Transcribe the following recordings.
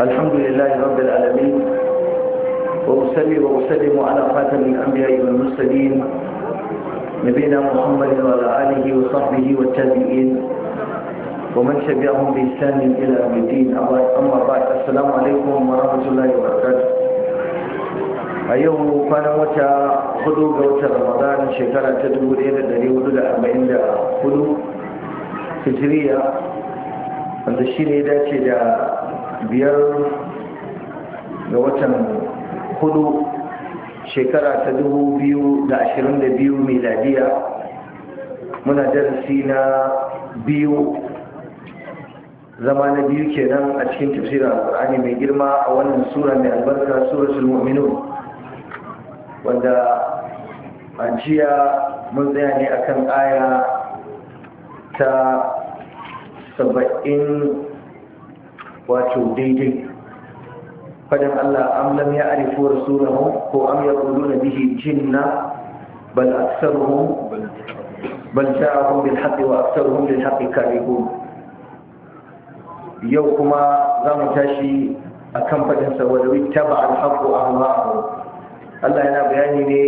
الحمد لله رب العالمين وأسلم وأسلم على خاتم الأنبياء والمرسلين نبينا محمد وعلى آله وصحبه والتابعين ومن تبعهم بإحسان إلى يوم الدين أما بعد السلام عليكم ورحمة الله وبركاته أيوه كان متى خذوا قوة رمضان شكرا تدعو إلى دليل دولة أربعين خذوا هجرية wanda shi ne dace da biyar ga watan hudu shekara ta dubu biyu da ashirin da biyu miladiya muna darasi na biyu zama na biyu kenan a cikin tafsirin alkur'ani mai girma a wannan sura mai albarka suratul mu'minun wanda a jiya mun tsaya ne akan aya ta saba'in wato daidai fadin Allah am lam ya'rifu rasulahu ko am yaquluna bihi jinna bal aktharuhum bal ja'ahum bil haqq wa aktharuhum lil haqq karihun yau kuma zamu tashi akan fadin sa wa lawi taba al haqq ahwa'ahu Allah yana bayani ne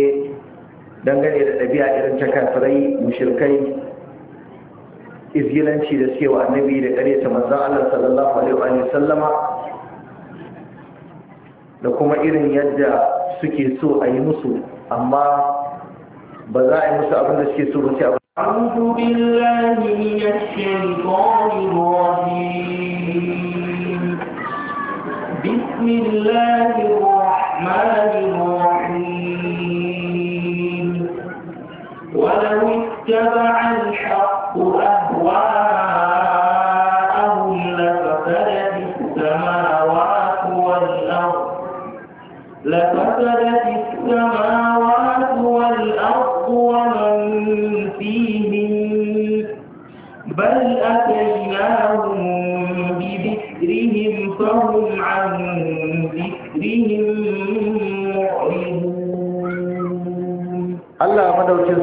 dangane da ɗabi'a irin ta kafirai mushrikai izgilanci da cewa annabi da karyata manzon Allah sallallahu alaihi wa sallama da kuma irin yadda suke so a yi musu amma ba za a yi musu abin da suke so ba sai abin أعوذ بالله من الشيطان الرجيم بسم الله الرحمن الرحيم ولو اتبع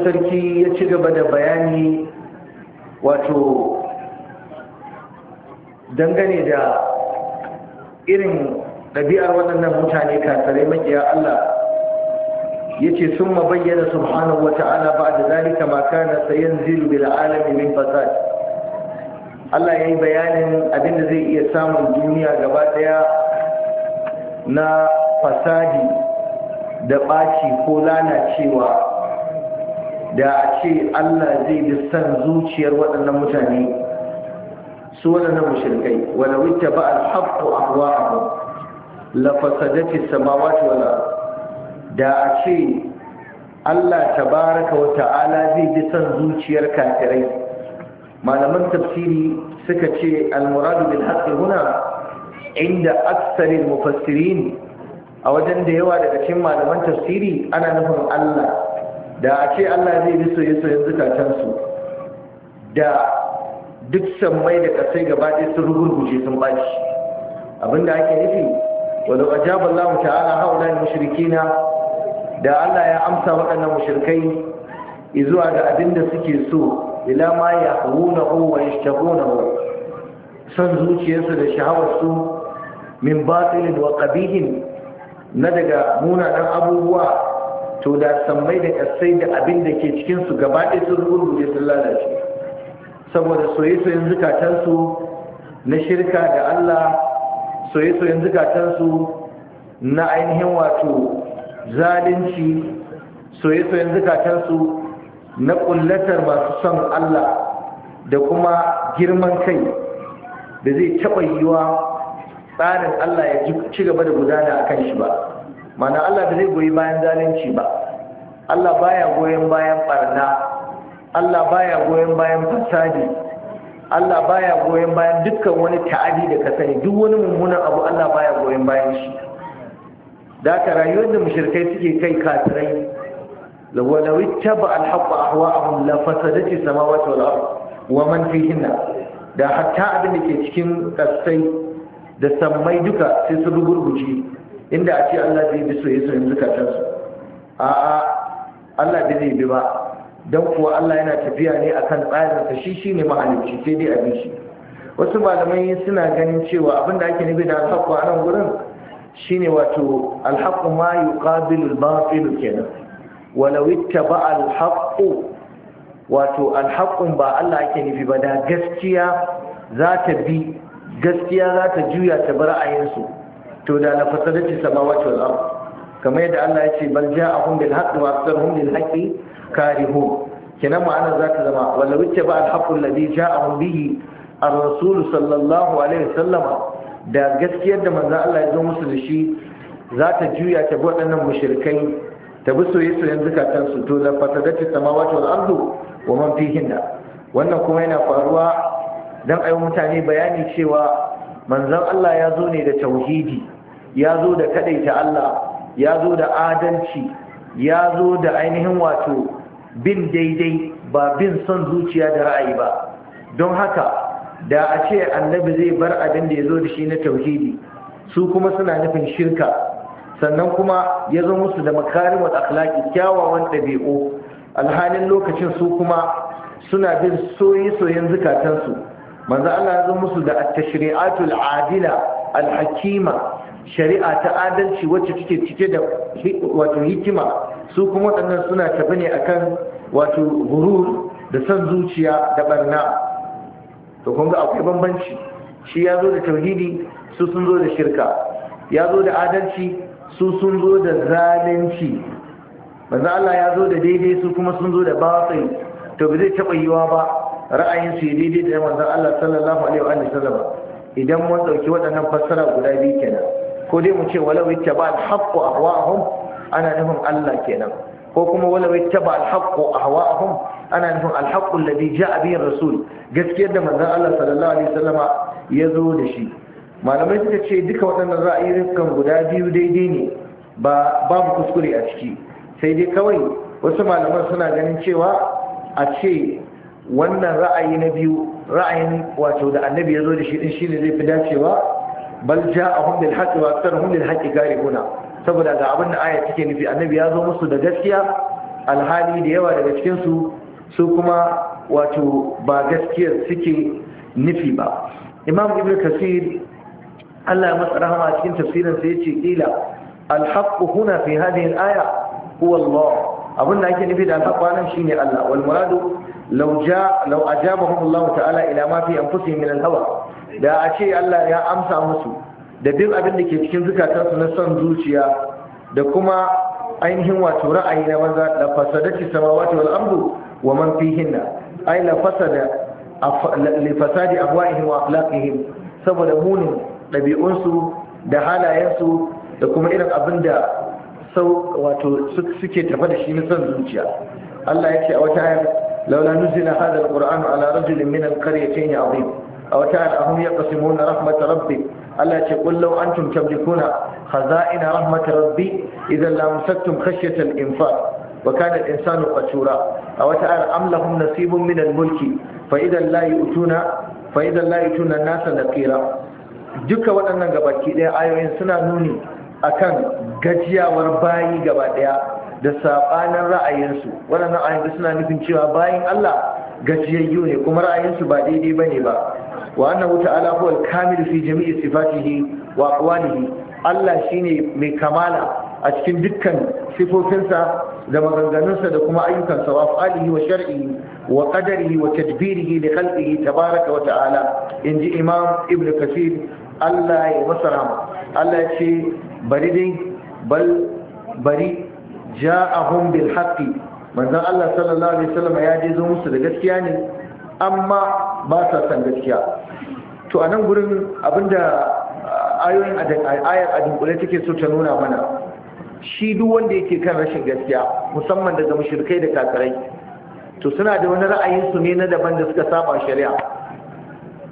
sarki ya ci gaba da bayani wato dangane da irin ɗabi'ar waɗannan mutane kasarai makiya Allah ya ce sun mabayyana subhanahu wa ta'ala ba da zalika maka na sayan zilu bil alami min fasad Allah ya yi bayanin abinda zai iya samun duniya gaba ɗaya na fasadi da ɓaci ko lalacewa da a ce Allah zai bi san zuciyar waɗannan mutane su waɗannan mushrikai wala witta ba al a ruwa la fasadati samawati wala da a ce Allah baraka wa ta'ala zai bi san zuciyar kafirai malaman tafsiri suka ce almuradu muradu bil haqqi huna inda aksaril mufassirin a wajen da yawa daga cikin malaman tafsiri ana nufin Allah da a ce Allah zai bi soye-soyen zukatansu da duk sammai da kasai gaba ɗaya sun rugurguje sun baci abinda ake nufi wadda ajaba Allah ta'ala haula mushrikina da Allah ya amsa waɗannan mushrikai zuwa ga abinda da suke so ila ma yahwunahu wa yashtahunahu san zuciyarsu da sha'awarsu min batilin wa ƙabihin na daga munanan abubuwa to da sammai da kasai da abin da ke cikin su gaba ɗaya sun rurrube sun lalace saboda soye-soyen zukatansu na shirka da Allah soye-soyen zukatansu na ainihin wato zalunci soye-soyen zukatansu na ƙullatar masu son Allah da kuma girman kai da zai taɓa yiwa tsarin Allah ya ci gaba da gudana a kan shi ba mana Allah da zai goyi bayan zalunci ba Allah baya goyon bayan barna Allah baya goyon bayan fasadi Allah baya goyon bayan dukkan wani ta'adi da ka sani duk wani mummunan abu Allah baya goyon bayan shi da ka rayuwar da mushrikai suke kai kafirai lawalau ittaba al ahwa'ahum la fasadati samawati wal ard wa man fihinna da hatta abin da ke cikin kasai da sammai duka sai su rugurguje inda a ce Allah zai bi soyayyen zukatansu a'a Allah bai zai bi ba dan kuwa Allah yana tafiya ne akan tsarinsa shi ne mahalicci sai dai abin shi wasu malamai suna ganin cewa abin da ake nufi da alhaku a nan gurin shine wato alhaku ma ƙabilu, al Filu kenan Wala wita al-haqqu wato alhaku ba Allah ake nufi ba da gaskiya za ta bi gaskiya za ta juya ta bar ayinsu to da la fasadati samawati wal ard kamar yadda Allah ya ce bal ja'ahum bil haqqi wa aktharuhum lil haqqi karihun kenan ma'ana za ta zama wala wuce ba al haqqu alladhi ja'ahum bihi ar-rasul sallallahu alaihi wasallama da gaskiyar da manzon Allah ya zo musu da shi za ta juya ta bi waɗannan mushrikai ta bi soyayyen zukatansu to la fasadati samawati wal ard wa man fihinna wannan kuma yana faruwa don ayi mutane bayani cewa manzon Allah ya zo ne da tauhidi ya zo da kadaita Allah ya zo da adalci ya zo da ainihin wato bin daidai ba bin son zuciya da ra'ayi ba don haka da a ce annabi zai bar abin da ya zo da shi na tauhidi su kuma suna nufin shirka sannan kuma ya zo musu da makarimar akhlaki kyawawan ɗabi'u alhalin lokacin su kuma suna bin soyi-soyen zukatansu manzo Allah ya zo musu da at-tashri'atul adila al-hakima shari'a ta adalci wacce take cike da wato hikima su kuma wadannan suna tafi ne akan wato gurur da son zuciya da barna to kun ga akwai bambanci shi ya zo da tauhidi su sun zo da shirka ya zo da adalci su sun zo da zalunci manzo Allah ya zo da daidai su kuma sun zo da batil to ba zai taba yiwa ba ra'ayin su daidai da zan Allah sallallahu alaihi wa sallam idan mun dauki waɗannan fassara guda biyu kenan ko dai mu ce walau alhaƙo a hawa ahun ana nufin Allah kenan ko kuma walau alhaƙo a hawa ahun ana nufin al-haqqu ja a biyan rasul gaskiyar da manzan Allah sallallahu alaihi wa sallama ya zo da shi malamai suka ce duka waɗannan ra'ayoyin guda biyu daidai ne ba babu kuskure a ciki sai dai kawai wasu malaman suna ganin cewa a ce wannan ra'ayi na biyu ra'ayin wato da annabi ya zo da shi din ne zai fi dacewa bal ja'ahum bil haqqi wa aktharuhum lil haqqi kuna. saboda ga abin da aya take nufi annabi ya zo musu da gaskiya alhali da yawa daga cikin su su kuma wato ba gaskiyar suke nufi ba imam ibn kasir Allah ya masa rahama cikin tafsirin sa ce kila al huna fi hadhihi al-aya huwa Allah abin da ake nufi da alhaƙwanan shine Allah wal muradu ja Allah ta'ala ila mafi fi fusi min hawa da a ce Allah ya amsa musu da bin abin da ke cikin zukatarsu na son zuciya da kuma ainihin wato ra'ayi na maza da fasadati samawati wal ardu wa man fihinna ay la fasada li fasadi afwahihim wa akhlaqihim saboda munin ɗabi'unsu da halayensu da kuma irin abin da sau wato suke tafa da shi na son zuciya Allah ya ce a wata ayar laula nuzila hadha alquran ala rajulin min alqaryatayn azim a wata ayar ahum yaqsimuna rahmat rabbi Allah ya ce qul law antum tamlikuna khaza'ina rahmat rabbi idan la musattum khashyata al-infaq وكان الإنسان قتورا أو تعالى أم لهم نصيب من الملك فإذا لا يؤتون فإذا لا يؤتون الناس نقيرا duka waɗannan gabaki ɗaya ayoyin suna nuni akan gajiyawar bayi gaba daya da sabanin ra'ayinsu waɗannan ayyuka suna nufin cewa bayin Allah gajiyayyu ne kuma ra'ayinsu ba daidai bane ba wa wuta ala huwa al-kamil fi jami'i sifatihi wa aqwalihi Allah shine mai kamala a cikin dukkan sifofinsa da maganganunsa da kuma ayyukansa wa af'alihi wa shar'ihi wa qadarihi wa tadbirihi li khalqihi tabaraka wa ta'ala inji imam ibnu kasir Allah ya masa rama Allah ya ce bari dai bal bari ja'ahum bil haqqi manzon Allah sallallahu alaihi wasallam ya je zo musu da gaskiya ne amma ba sa san gaskiya to anan gurin abinda ayoyin ayar a dunkule take so ta nuna mana shi duk wanda yake kan rashin gaskiya musamman daga mushrikai da kakarai, to suna da wani ra'ayin su ne na daban da suka saba shari'a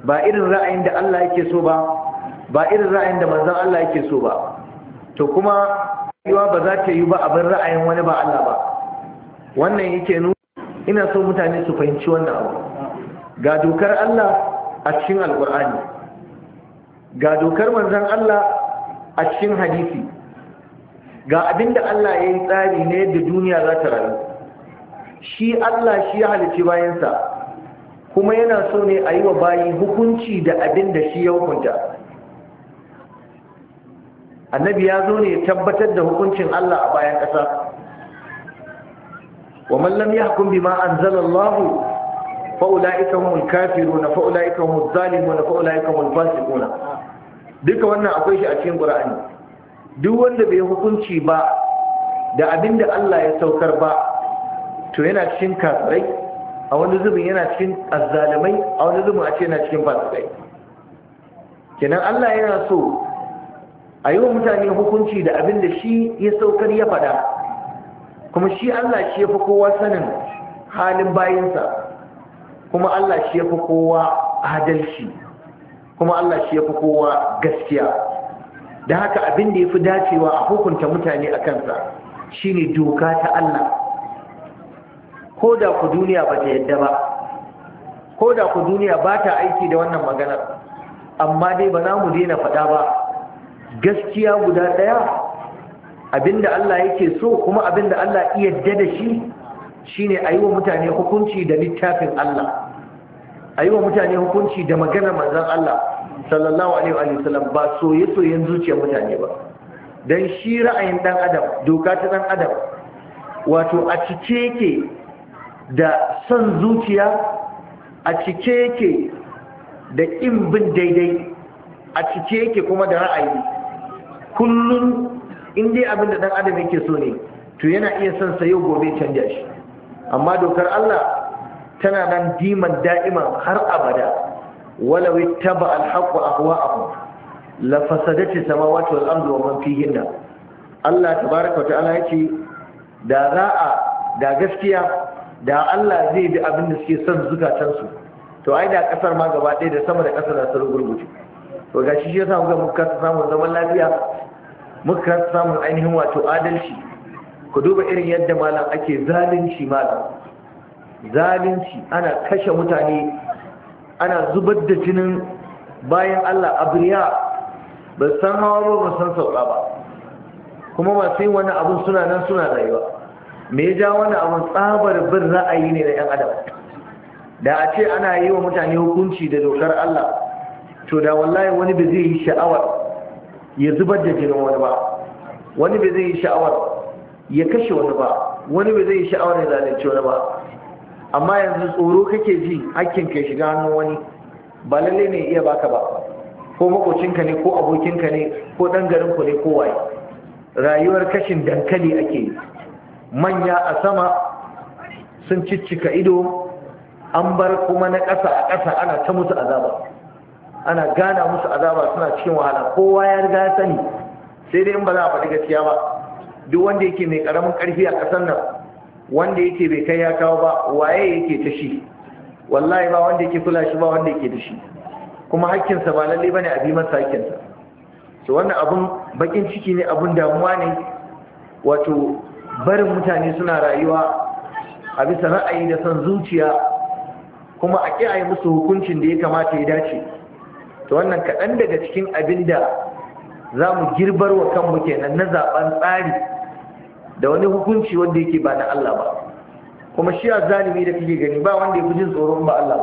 ba irin ra'ayin da Allah yake so ba ba irin ra'ayin da manzan Allah yake so ba to kuma yiwa ba za ta yi ba abin ra'ayin wani ba Allah ba wannan yake nuna ina so mutane su fahimci wannan abu ga dokar Allah a cikin alkur'ani ga dokar manzan Allah a cikin hadisi ga abin da Allah ya yi tsari ne da duniya za ta rayu shi Allah shi ya halici bayansa kuma yana so ne a yi wa bayi hukunci da abin da shi ya hukunta annabi ya zo ne ya tabbatar da hukuncin Allah a bayan ƙasa wa man lam yahkum bima anzala Allah fa ulaika humul kafiruna fa ulaika humuz zalimuna fa ulaika humul fasiquna duka wannan akwai shi a cikin ƙura'ani. duk wanda bai hukunci ba da abinda Allah ya saukar ba to yana cikin kafirai a wani zubin yana cikin azzalimai a wani zubin a ce yana cikin fasikai kenan Allah yana so a yi wa mutane hukunci da abin da shi ya saukar ya faɗa kuma shi Allah shi ya fi kowa sanin halin bayansa kuma Allah shi ya fi kowa adalci kuma Allah shi ya fi kowa gaskiya da haka abin da ya fi dacewa a hukunta mutane a kansa shi ne doka ta Allah ko da ku duniya ba ta yadda ba ko da ku duniya ba ta aiki da wannan maganar amma dai ba za mu daina faɗa ba gaskiya guda ɗaya abinda Allah yake so kuma abinda Allah iya dada shi shine a yi wa mutane hukunci da littafin Allah a yi wa mutane hukunci da maganar manzan Allah sallallahu alaihi wa sallam ba soye-soyen zuciyar mutane ba don shi ra'ayin ɗan adam doka ta ɗan adam wato a cike yake da son zuciya a cike yake da ƙin bin daidai a cike yake kuma da ra'ayi kullum in dai abin da dan adam yake so ne to yana iya son sa yau gobe canja shi amma dokar Allah tana nan diman da'ima har abada walau ittaba alhaqqa ahwa'ahu la fasadati samawati wal ardu wa man fihinna Allah tabaaraka wa ta'ala yake da za'a da gaskiya da Allah zai bi abin da suke son zukatansu to ai da kasar ma gaba ɗaya da sama da kasar da sun to ga shi yasa muka muka samun zaman lafiya muka samun ainihin wato adalci ku duba irin yadda malam ake zalunci malam zalunci ana kashe mutane ana zubar da jinin bayan Allah abriya ba san hawa ba ba san sauka ba kuma ba sai wani abu suna nan suna rayuwa me ya ja wani abun tsabar bin ra'ayi ne na 'yan adam da a ce ana yi wa mutane hukunci da dokar Allah to da wallahi wani ba zai yi sha'awar ya zubar da jinin wani ba wani ba zai yi sha'awar ya kashe wani ba wani ba zai yi sha'awar ya zalunci wani ba amma yanzu tsoro kake ji hakkin ka shiga hannun wani ba lalle ne iya baka ba ko makocinka ne ko abokinka ne ko dan garin ku ne ko waye rayuwar kashin dankali ake yi manya a sama sun ciccika ido an bar kuma na ƙasa a ƙasa ana ta musu azaba ana gana musu azaba suna cikin wahala kowa ya riga ya sani sai dai in ba za a faɗi gaskiya ba duk wanda yake mai karamin karfi a ƙasar nan wanda yake bai kai ya kawo ba waye yake ta shi wallahi ba wanda yake kula shi ba wanda yake da shi kuma haƙƙinsa ba lalle bane a bi masa haƙƙinsa so wannan abun bakin ciki ne abun damuwa ne wato barin mutane suna rayuwa a bisa ra'ayi da son zuciya kuma a ƙi a yi musu hukuncin da ya kamata ya dace to wannan kaɗan daga cikin abin da za mu girbar wa kanmu kenan na zaɓen tsari da wani hukunci wanda yake ba na Allah ba kuma shi a zalimi da kake gani ba wanda ya fi jin tsoron ba Allah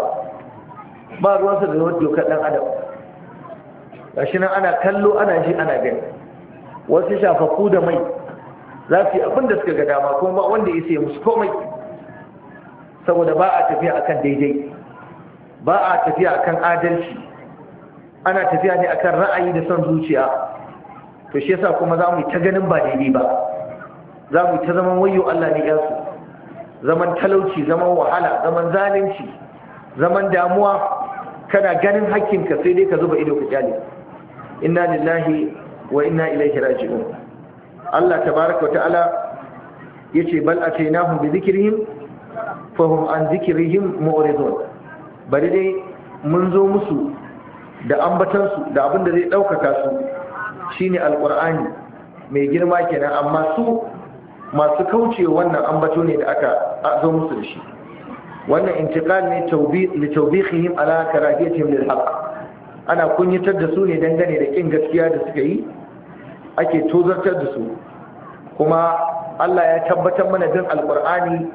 ba ba ruwansa da wadda yau kaɗan adam shi nan ana kallo ana ji ana gani wasu shafafu da mai za su yi abin da suka ga dama kuma ba wanda ya sai musu komai saboda ba a tafiya akan daidai ba a tafiya akan adalci ana tafiya ne akan ra'ayi da son zuciya to shi yasa kuma za mu ta ganin ba daidai ba za mu ta zaman wayo Allah ne yasu zaman talauci zaman wahala zaman zalunci zaman damuwa kana ganin hakkinka sai dai ka zuba ido ka kyale inna lillahi wa inna ilaihi raji'un Allah tabaraka wa ta'ala yace bal atainahum bi dhikrihim fahum an dhikrihim mu'ridun bari dai mun zo musu da ambatansu da abin da zai ɗaukaka su shine alƙur'ani mai girma kenan amma su masu kauce wannan ambato ne da aka zo musu da shi wannan intiqal ne yin ala karahiyatihim lil haqq ana kunyatar da su ne dangane da kin gaskiya da suka yi ake tozartar da su kuma Allah ya tabbatar mana bin alqur'ani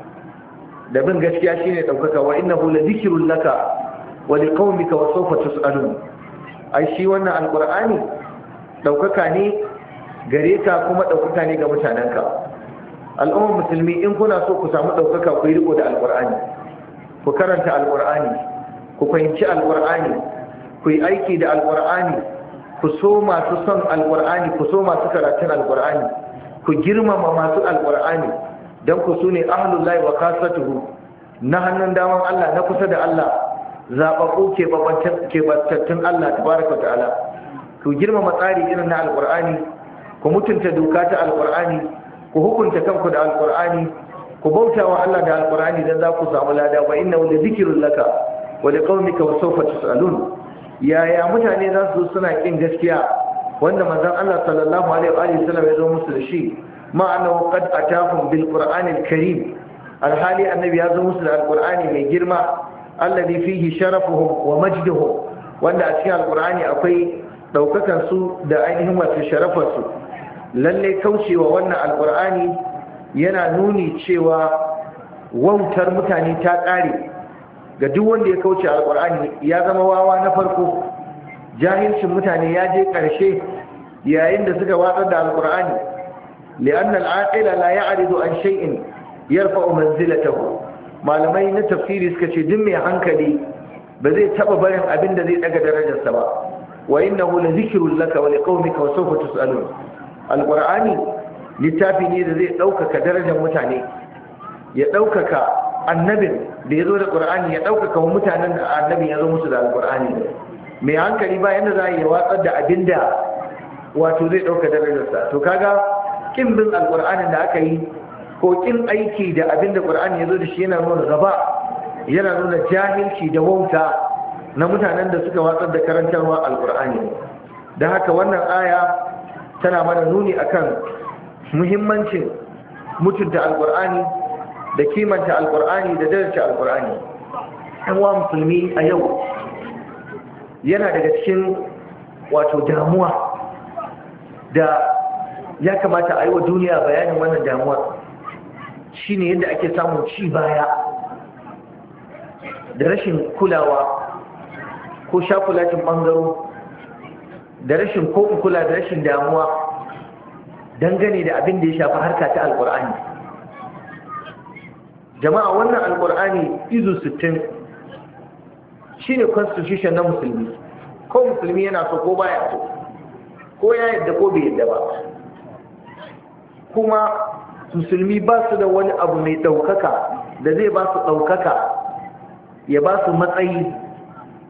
da bin gaskiya shine daukaka wa innahu la laka wa liqaumika wa sawfa tus'alun ai shi wannan alkur'ani ɗaukaka ne gare ka kuma ɗaukaka ne ga mutanen ka. al'ummar musulmi in kuna so ku samu ɗaukaka ku yi riko da alkur'ani ku karanta alkur'ani ku fahimci alkur'ani ku yi aiki da alkur'ani ku so masu son alkur'ani ku so masu karatun alkur'ani ku girmama masu alkur'ani don ku su ne ahlullahi wa kasatuhu na hannun daman Allah na kusa da Allah zaɓaɓɓu keɓantattun Allah tabaraka ta'ala ku girmama tsari irin na alƙur'ani ku mutunta doka ta alƙur'ani ku hukunta kanku da alƙur'ani ku bauta wa Allah da alƙur'ani don za ku samu lada wa inna wani zikirin laka wa ƙaunika wa saufa yaya mutane za su suna ƙin gaskiya wanda mazan Allah sallallahu alaihi wa sallam ya zo musu da shi ma'ana qad atahum bil qur'anil karim alhali annabi ya zo musu da alqur'ani mai girma alladhi fihi sharafuhum wa majduhum wanda a cikin alqur'ani akwai daukakan su da ainihin wato sharafar su lalle kaucewa wannan alqur'ani yana nuni cewa wautar mutane ta kare. ga duk wanda ya kauce alqur'ani ya zama wawa na farko jahilcin mutane ya je ƙarshe yayin da suka watsar da alqur'ani li'anna al'aqila la ya'ridu an shay'in yarfa'u manzilatahu malamai na tafsiri suka ce duk mai hankali ba zai taba barin abin da zai daga darajarsa ba wa innahu la zikrun laka wa liqaumika wa sawfa tusalun alqur'ani littafi ne da zai daukaka darajar mutane ya daukaka annabin da yazo da qur'ani ya daukaka mutanen da annabi yazo musu da alqur'ani mai hankali ba yanda za watsar da abin da wato zai dauka darajarsa to kaga kin bin alqur'anin da aka yi ko aiki da abin da qur'ani ya zo da shi yana nuna gaba yana nuna jahilci da wauta na mutanen da suka watsar da karantarwa alqur'ani da haka wannan aya tana mana nuni akan muhimmancin mutunta alqur'ani da kimanta alqur'ani da daraja alqur'ani ɗan wa musulmi a yau yana daga cikin wato damuwa da ya kamata a yi wa duniya bayanin wannan damuwar shine yadda ake samun ci baya da rashin kulawa ko shakulacin ɓangaro da rashin ko kula da rashin damuwa dangane da abin da ya shafi harka ta alkur'ani jama'a wannan alkur'ani izu sittin shine constitution na musulmi ko musulmi yana so ko baya so ko ya yadda ko bai yadda ba kuma musulmi ba su da wani abu mai ɗaukaka da zai ba su ɗaukaka ya ba su matsayi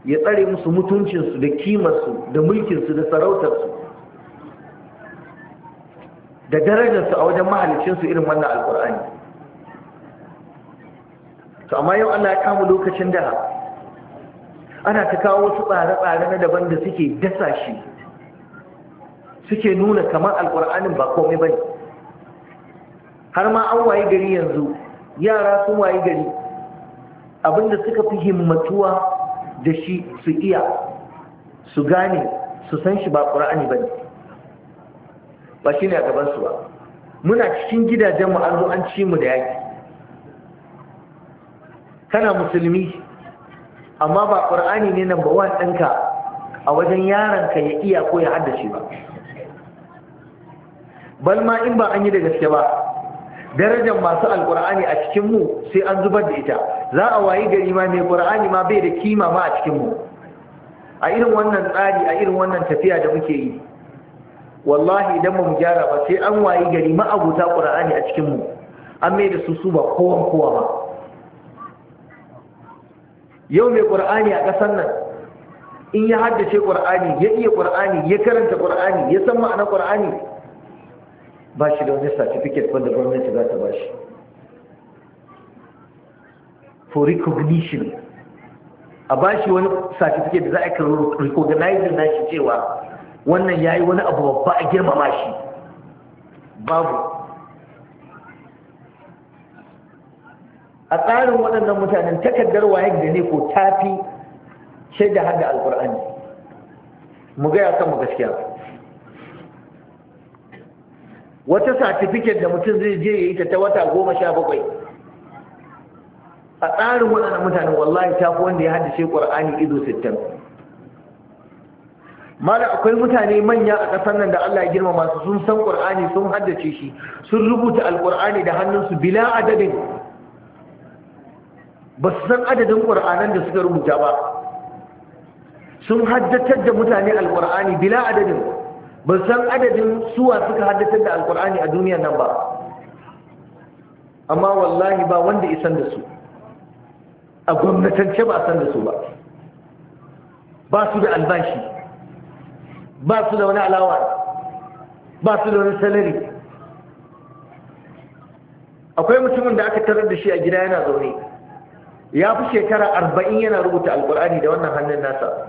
ya tsare musu mutuncinsu da kimarsu da mulkinsu da sarautarsu da darajarsu a wajen mahalicinsu irin wannan alkur'ani to amma yau ana kamu lokacin da ana ta kawo wasu tsare-tsare na daban da suke dasa shi suke nuna kamar alkur'anin ba komai bane har ma an waye gari yanzu yara sun waye gari abinda suka fi himmatuwa da shi su iya su gane su san shi ba ƙura'ani ba ne ba shi ne a gabansu ba muna cikin gidajen an zo an ci mu da yaki kana musulmi amma ba ƙura'ani ne nan ba wa a wajen yaranka ya iya ko ya haddace ba Balma in ba an yi da gaske ba darajar masu alkur'ani a cikin mu sai an zubar da ita za a wayi gari ma mai qur'ani ma bai da kima ma a cikin mu a irin wannan tsari a irin wannan tafiya da muke yi wallahi idan mu gyara ba sai an wayi gari ma abuta qur'ani a cikin mu an mai da su su ba kowan kowa ba yau mai qur'ani a ƙasar nan in ya haddace qur'ani ya iya qur'ani ya karanta qur'ani ya san ma'anar qur'ani ba shi da wani certificate wanda gwamnati za ta ba shi for recognition a ba shi wani certificate da za a kan recognize na shi cewa wannan ya yi wani abu babba a girmama shi babu a tsarin waɗannan mutanen takardar wayan da ne ko tafi shaida hada alkur'ani mu gaya kan mu gaskiya wata satifiket da mutum zai je ya yi ta ta wata goma sha bakwai a tsarin waɗannan mutane wallahi ta fi wanda ya haddace ƙwar'ani ido sittin mala akwai mutane manya a ƙasar nan da Allah ya girma masu sun san ƙwar'ani sun haddace shi sun rubuta alƙwar'ani da hannunsu bila adadin ba su san adadin ƙwar'anan da suka rubuta ba sun haddatar da mutane alƙwar'ani bila adadin ba san adadin suwa suka haddatar da alkur'ani a duniya nan ba amma wallahi ba wanda isan da su a gwamnatance ba san da su ba ba su da albashi ba su da wani alawa ba su da wani salari akwai mutumin da aka tarar da shi a gida yana zaune ya fi shekara arba'in yana rubuta alkur'ani da wannan hannun nasa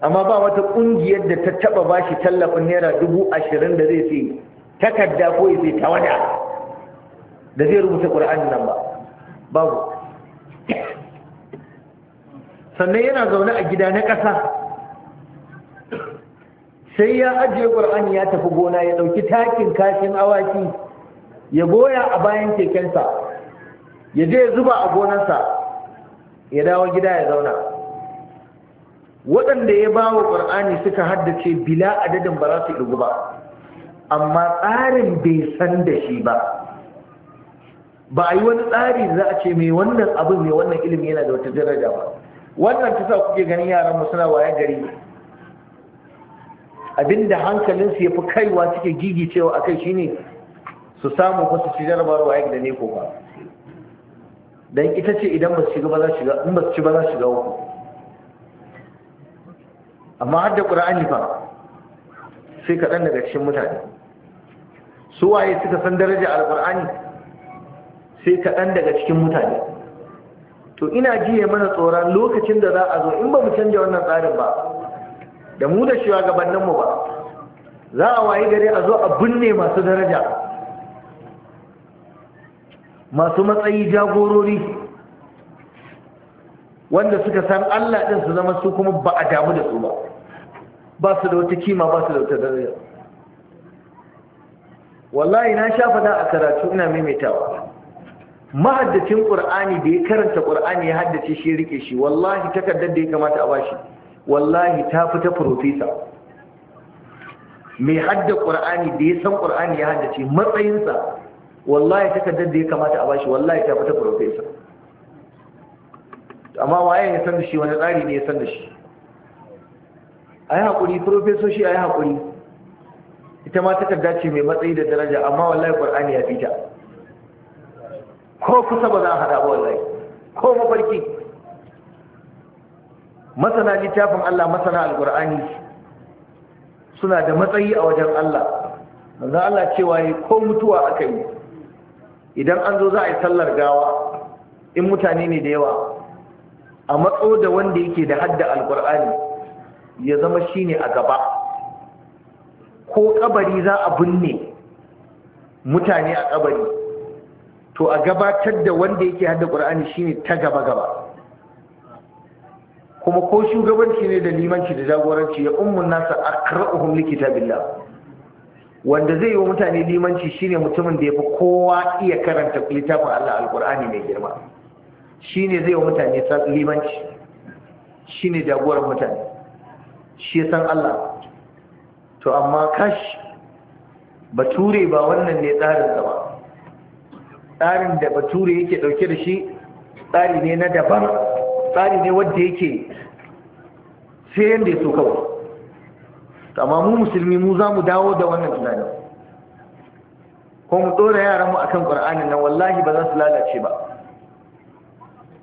amma ba wata ƙungiyar da ta taɓa bashi tallafin naira dubu ashirin da zai sai takarda ko ya wani tawada da zai rubuta ƙur'anin nan ba babu sannan yana zaune a gida na ƙasa sai ya ajiye ƙur'ani ya tafi gona ya ɗauki takin kashin awaki ya goya a bayan kekensa ya je ya zuba a gonarsa ya dawo gida ya zauna waɗanda ya ba wa ƙwar'ani suka haddace bila adadin ba za su ɗigu ba amma tsarin bai san da shi ba ba a yi wani tsari za a ce mai wannan abin mai wannan ilimin yana da wata daraja ba wannan ta sa kuke ganin yaran suna waye gari abinda hankalinsu ya fi kaiwa suke gigicewa a kai shine su samu ko su ci jarabar waye da ne ko ba don ita ce idan ba su shiga ba za su shiga in ba su ci ba za su shiga uku amma har da ƙura'ani fa sai kaɗan daga cikin mutane su waye suka san daraja alƙur'ani sai kaɗan daga cikin mutane to ina jiye mana tsoron lokacin da za a zo in ba mu canja wannan tsarin ba da mu da gabaninmu ba za a wayi gare a zo a binne masu daraja masu matsayi jagorori wanda suka san Allah ɗin su zama su kuma ba a damu da su ba ba su da wata kima ba su da wata daraja wallahi na sha fada a karatu ina maimaitawa mahaddacin qur'ani da ya karanta qur'ani ya haddace shi rike shi wallahi takardar da ya kamata a bashi wallahi ta fita profesa mai hadda qur'ani da ya san qur'ani ya haddace matsayinsa wallahi takardar da ya kamata a bashi wallahi ta fita profesa amma waye ya san da shi wani tsari ne ya san da shi a yi haƙuri profesoshi a yi haƙuri ita ma takarda ce mai matsayi da daraja amma wallahi ƙwar'ani ya fita ko kusa ba za a haɗa ba wallahi ko mafarki masana littafin Allah masana alƙwar'ani suna da matsayi a wajen Allah manzan Allah cewa yi ko mutuwa aka yi idan an zo za a yi sallar gawa in mutane ne da yawa a matso da wanda yake da hadda alkur'ani ya zama shine a gaba ko kabari za a binne mutane a kabari to a gabatar da wanda yake hadda qur'ani shine ta gaba gaba kuma ko shugabanci ne da limanci da jagoranci ya ummun nasa likita billah wanda zai yi wa mutane limanci shine mutumin da ya fi kowa iya karanta littafin Allah alkur'ani mai girma shi ne zai wa mutane limanci shi ne jagorar mutane shi san Allah to amma kash bature ba wannan ne tsarin zama. tsarin da bature yake dauke da shi tsari ne na daban tsari ne wadda yake sai yadda ya so kawai amma mu musulmi mu za mu dawo da wannan tunanin ko mu ɗora yaranmu akan ƙur'anin nan wallahi ba za su lalace ba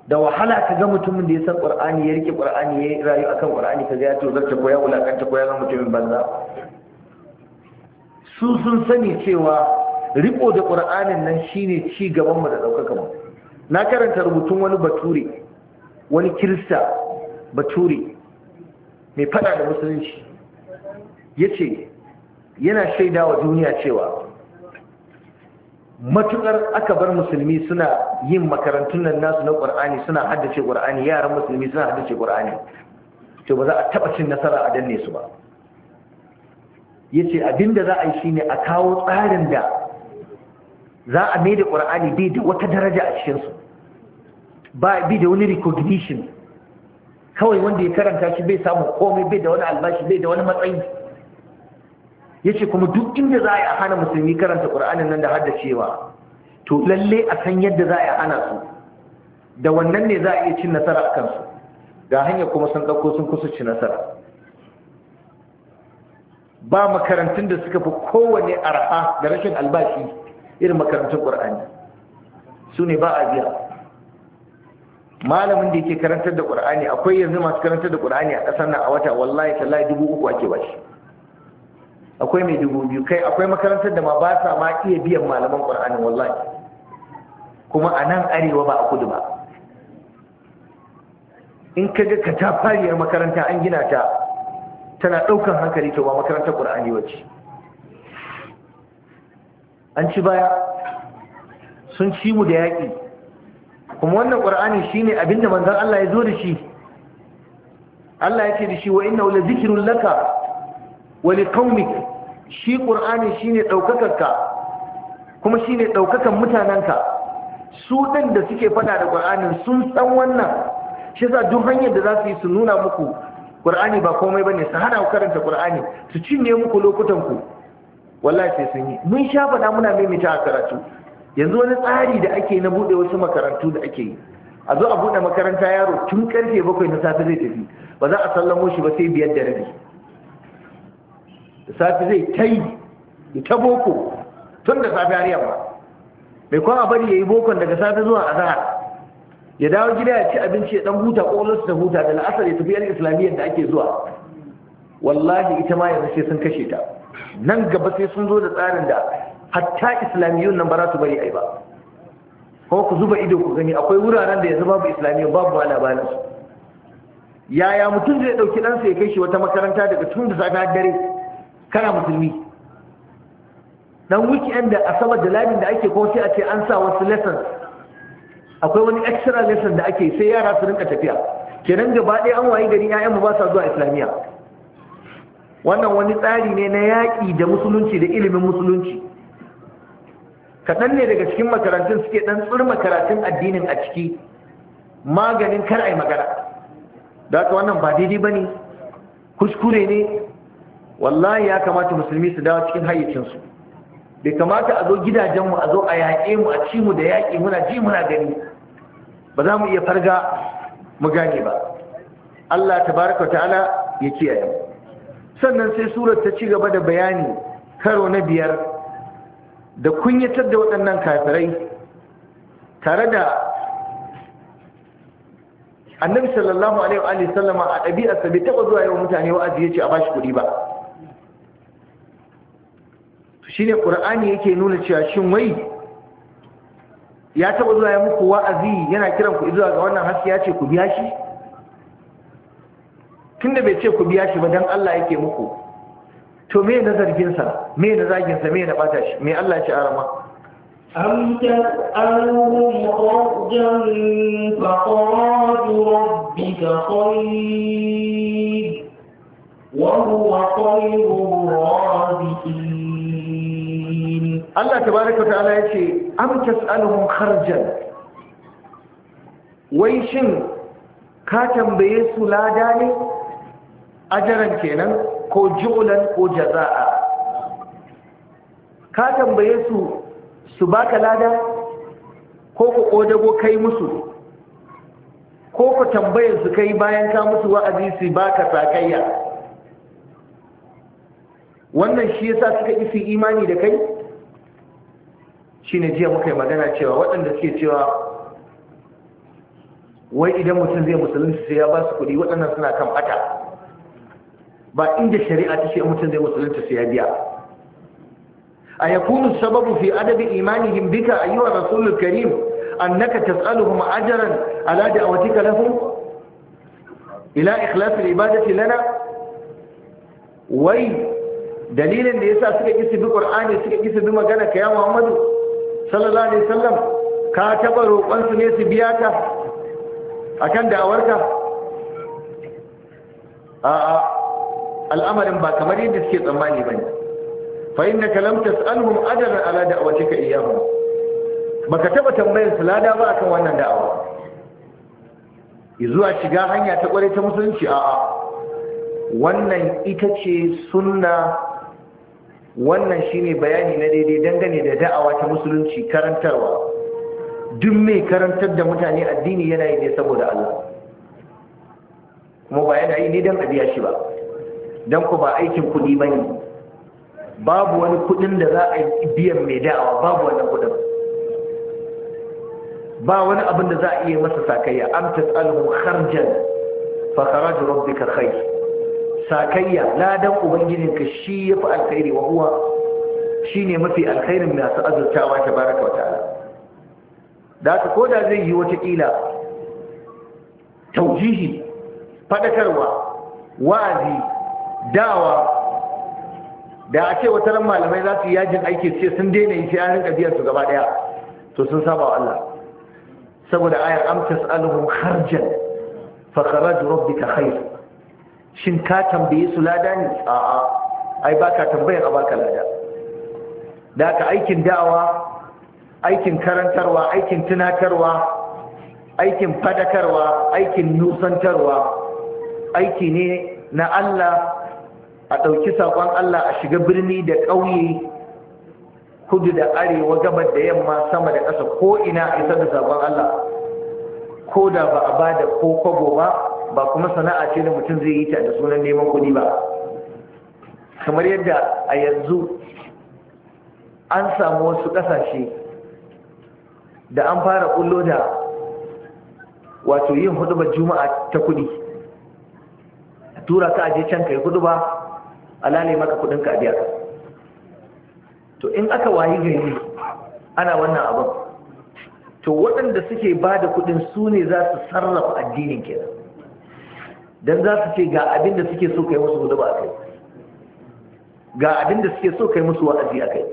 da wahala ka ga mutumin da ya san qur'ani ya rike ƙwar'ani ya rayu akan ƙur'ani, kaga ya tozarta ko ya wulakanta ko ya ga mutumin banza su sun sani cewa riko da ƙwar'anin nan shine ci gaban mu da ɗaukaka mu na karanta rubutun wani bature wani kirista bature mai fada da musulunci Ya ce yana shaida wa duniya cewa matukar aka bar musulmi suna yin makarantun nan nasu na ƙur'ani suna haddace ƙur'ani yaran musulmi suna haddace ƙur'ani to ba za a taɓa cin nasara a danne su ba Ya yace da za a yi shi ne a kawo tsarin da za a mai da ƙur'ani bai da wata daraja a cikinsu ba bai da wani recognition kawai wanda ya karanta shi bai samun komai bai da wani albashi bai da wani matsayi Ya ce kuma duk inda za a yi a hana musulmi karanta qur'anin nan da cewa, to lalle a san yadda za a yi a hana su da wannan ne za a iya cin nasara a kansu ga hanyar kuma sun ɗauko sun kusa ci nasara ba makarantun da suka fi kowane arha da rashin albashi irin makarantun ƙur'ani su ne ba a biya malamin da yake karantar da ƙur'ani akwai yanzu masu karantar da ƙur'ani a ƙasar nan a wata wallahi tallahi dubu uku ake bashi akwai mai dubu biyu kai akwai makarantar da ma ba sa ma iya biyan malaman ƙwar'anin wallahi kuma a nan arewa ba a kudu ba in ka ga katafariyar makaranta an gina ta tana ɗaukar hankali to ba makarantar ƙur'ani wacce an ci baya sun ci mu da yaƙi kuma wannan ƙur'ani shi ne abinda manzan Allah ya zo da shi Allah ya ce da shi wa inna wula zikirun laka wani kaumik shi ƙur'ani shi ne ɗaukakarka kuma shi ne ɗaukakan mutanenka su ɗin da suke faɗa da ƙur'ani sun san wannan shi za duk hanyar da za su yi su nuna muku ƙur'ani ba komai ba ne su hana karanta ƙur'ani su cinye muku lokutanku wallahi sai sun yi mun sha faɗa muna maimaita a karatu yanzu wani tsari da ake na buɗe wasu makarantu da ake yi a zo a buɗe makaranta yaro tun karfe bakwai na safe zai tafi ba za a sallamo shi ba sai biyar da rabi da safi zai ta yi ta boko tun da safi har yamma mai kwan a bari ya yi bokon daga safi zuwa azahar ya dawo gida ya ci abinci ya dan huta su ta huta da la'asar ya tafi yan islamiyyar da ake zuwa wallahi ita ma yanzu sai sun kashe ta nan gaba sai sun zo da tsarin da hatta islamiyyun nan ba za su bari a yi ba ko ku zuba ido ku gani akwai wuraren da yanzu babu islamiyyun babu ma labarin su yaya mutum zai ɗauki ɗansa ya kai shi wata makaranta daga tun da safe dare kana musulmi dan weekend da asabar da labin da ake kuma sai a ce an sa wasu lessons akwai wani extra lesson da ake sai yara su rinka tafiya kenan gaba ɗaya an wayi gari mu ba sa zuwa islamiyya wannan wani tsari ne na yaƙi da musulunci da ilimin musulunci kaɗan ne daga cikin makarantun suke ɗan tsirma karatun addinin a ciki maganin kar a yi magana da haka wannan ba daidai ba ne kuskure ne wallahi ya kamata musulmi su dawo cikin hayyacinsu bai kamata a zo gidajenmu a zo a yaƙe mu a ci mu da yaƙi muna ji muna gani ba za mu iya farga mu gane ba Allah tabaraka ta'ala ya kiyaye sannan sai surar ta ci gaba da bayani karo na biyar da kunyatar da waɗannan kafirai tare da annabi sallallahu alaihi wa sallama a ɗabi'arsa bai taɓa zuwa yawan mutane wa'azi ya ce a bashi kuɗi ba shine qur'ani yake nuna cewa shin wai ya taba zuwa ya muku wa'azi yana kiran ku zuwa ga wannan haske ya ce ku biya shi tunda bai ce ku biya shi ba dan Allah yake muku to me na zargin sa me na zagin sa me na bata shi me Allah ya ci arama أم تسألهم خرجا فخراج ربك خير وهو خير الرازقين Allah Ta tabaraka ta'ala yace am tas'aluhum kharjan wai shin ka tambaye su lada ne ajaran kenan ko julan ko jaza'a ka tambaye su su baka lada ko ku kodago kai musu ko ku tambayar su kai bayan ka musu wa'azi su baka sakayya wannan shi yasa suka isi imani da kai shine jiya muka yi magana cewa waɗanda suke cewa wai idan mutum zai musulunci sai ya ba su kuɗi waɗannan suna kan ɓata ba inda shari'a ta ce mutum zai musulunci sai ya biya a yakunu sababu fi adabi imanihim bika ayyuha rasulul karim annaka tas'aluhum ajran ala da'watika lahum ila ikhlas ibadati lana wai dalilin da yasa suka kisa bi qur'ani suka kisa bi magana ka ya muhammadu sallallahu alaihi wasallam ka taba roƙon su ne su biya ka akan da'awarka a'a al'amarin ba kamar yadda suke tsammani bane fa innaka lam tas'alhum ajran ala da'watika iyyahum baka taba tambayar su lada ba akan wannan da'awa zuwa shiga hanya ta kware ta musulunci a'a wannan ita ce sunna wannan shine bayani na daidai dangane da da'awa ta musulunci karantarwa duk mai karantar da mutane addini yana yi ne saboda Allah kuma ba yana yi ne don a shi ba don ku ba aikin kuɗi ba ne babu wani kuɗin da za a biyan mai da'awa babu wani kuɗin ba wani abin da za a iya masa sakayya amtas alhu kharjan fa kharaju rabbika khayr sakayya ladan ubangijinka shi ya fi alkhairi wa huwa shi ne mafi alkhairin masu azurtawa ta baraka wata'ala da su ko da zai yi watakila taujihi fadakarwa wa'azi dawa da a ce wata ran malamai za su yi yajin aiki ce sun daina yi sai an su gaba ɗaya, to sun saba wa Allah saboda ayar amtas alhum kharjan fa kharaj rabbika khair shin ka tambaye su lada ne a'a ai ba ka tambayar a baka lada da ka aikin da'awa aikin karantarwa aikin tunatarwa aikin fadakarwa aikin nusantarwa aiki ne na Allah a ɗauki saƙon Allah a shiga birni da ƙauye kudu da arewa gabar da yamma sama da ƙasa ko ina isa da saƙon Allah ko da ba a ba da ko kwabo ba ba kuma sana'a ce da mutum zai yi ta da sunan neman kuɗi ba kamar yadda a yanzu an samu wasu ƙasashe da an fara ƙullo da wato yin hudubar juma'a ta kuɗi tura ka aje can kai a alale maka kuɗin ka biya to in aka wayi gari ana wannan abin to waɗanda suke ba da kuɗin su ne za su sarrafa addinin kenan Don za su ce ga abin da suke so kai musu hudu ba kai ga abin da suke so kai musu wa'azi a kai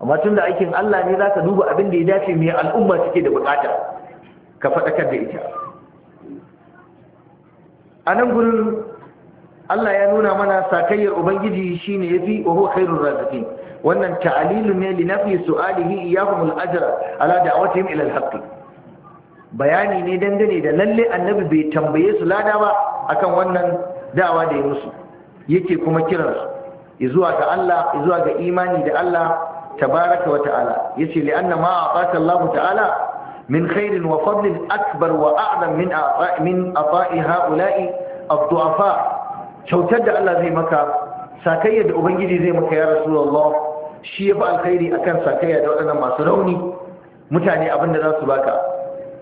amma tun da aikin Allah ne za ka duba abin da ya dace mai al'umma suke da bukata ka faɗakar da ita a nan gurin Allah ya nuna mana sakayyar ubangiji ne ya fi huwa khairur razafi wannan ta'alilu ne li nafi su'alihi iyyahum al ala da'awatin ilal al bayani ne dangane da lalle annabi bai tambaye su lada ba akan wannan da'awa da ya musu yake kuma kiransu zuwa ga Allah zuwa ga imani da Allah tabaraka wa ta'ala yace li anna ma ataka Allah ta'ala min khairin wa fadlin akbar wa a'lam min min ata'i ha'ula'i ad-du'afa kyautar da Allah zai maka sakayya da ubangiji zai maka ya rasu rasulullah shi ya yafi alkhairi akan sakayya da waɗannan masu rauni mutane abinda da za su baka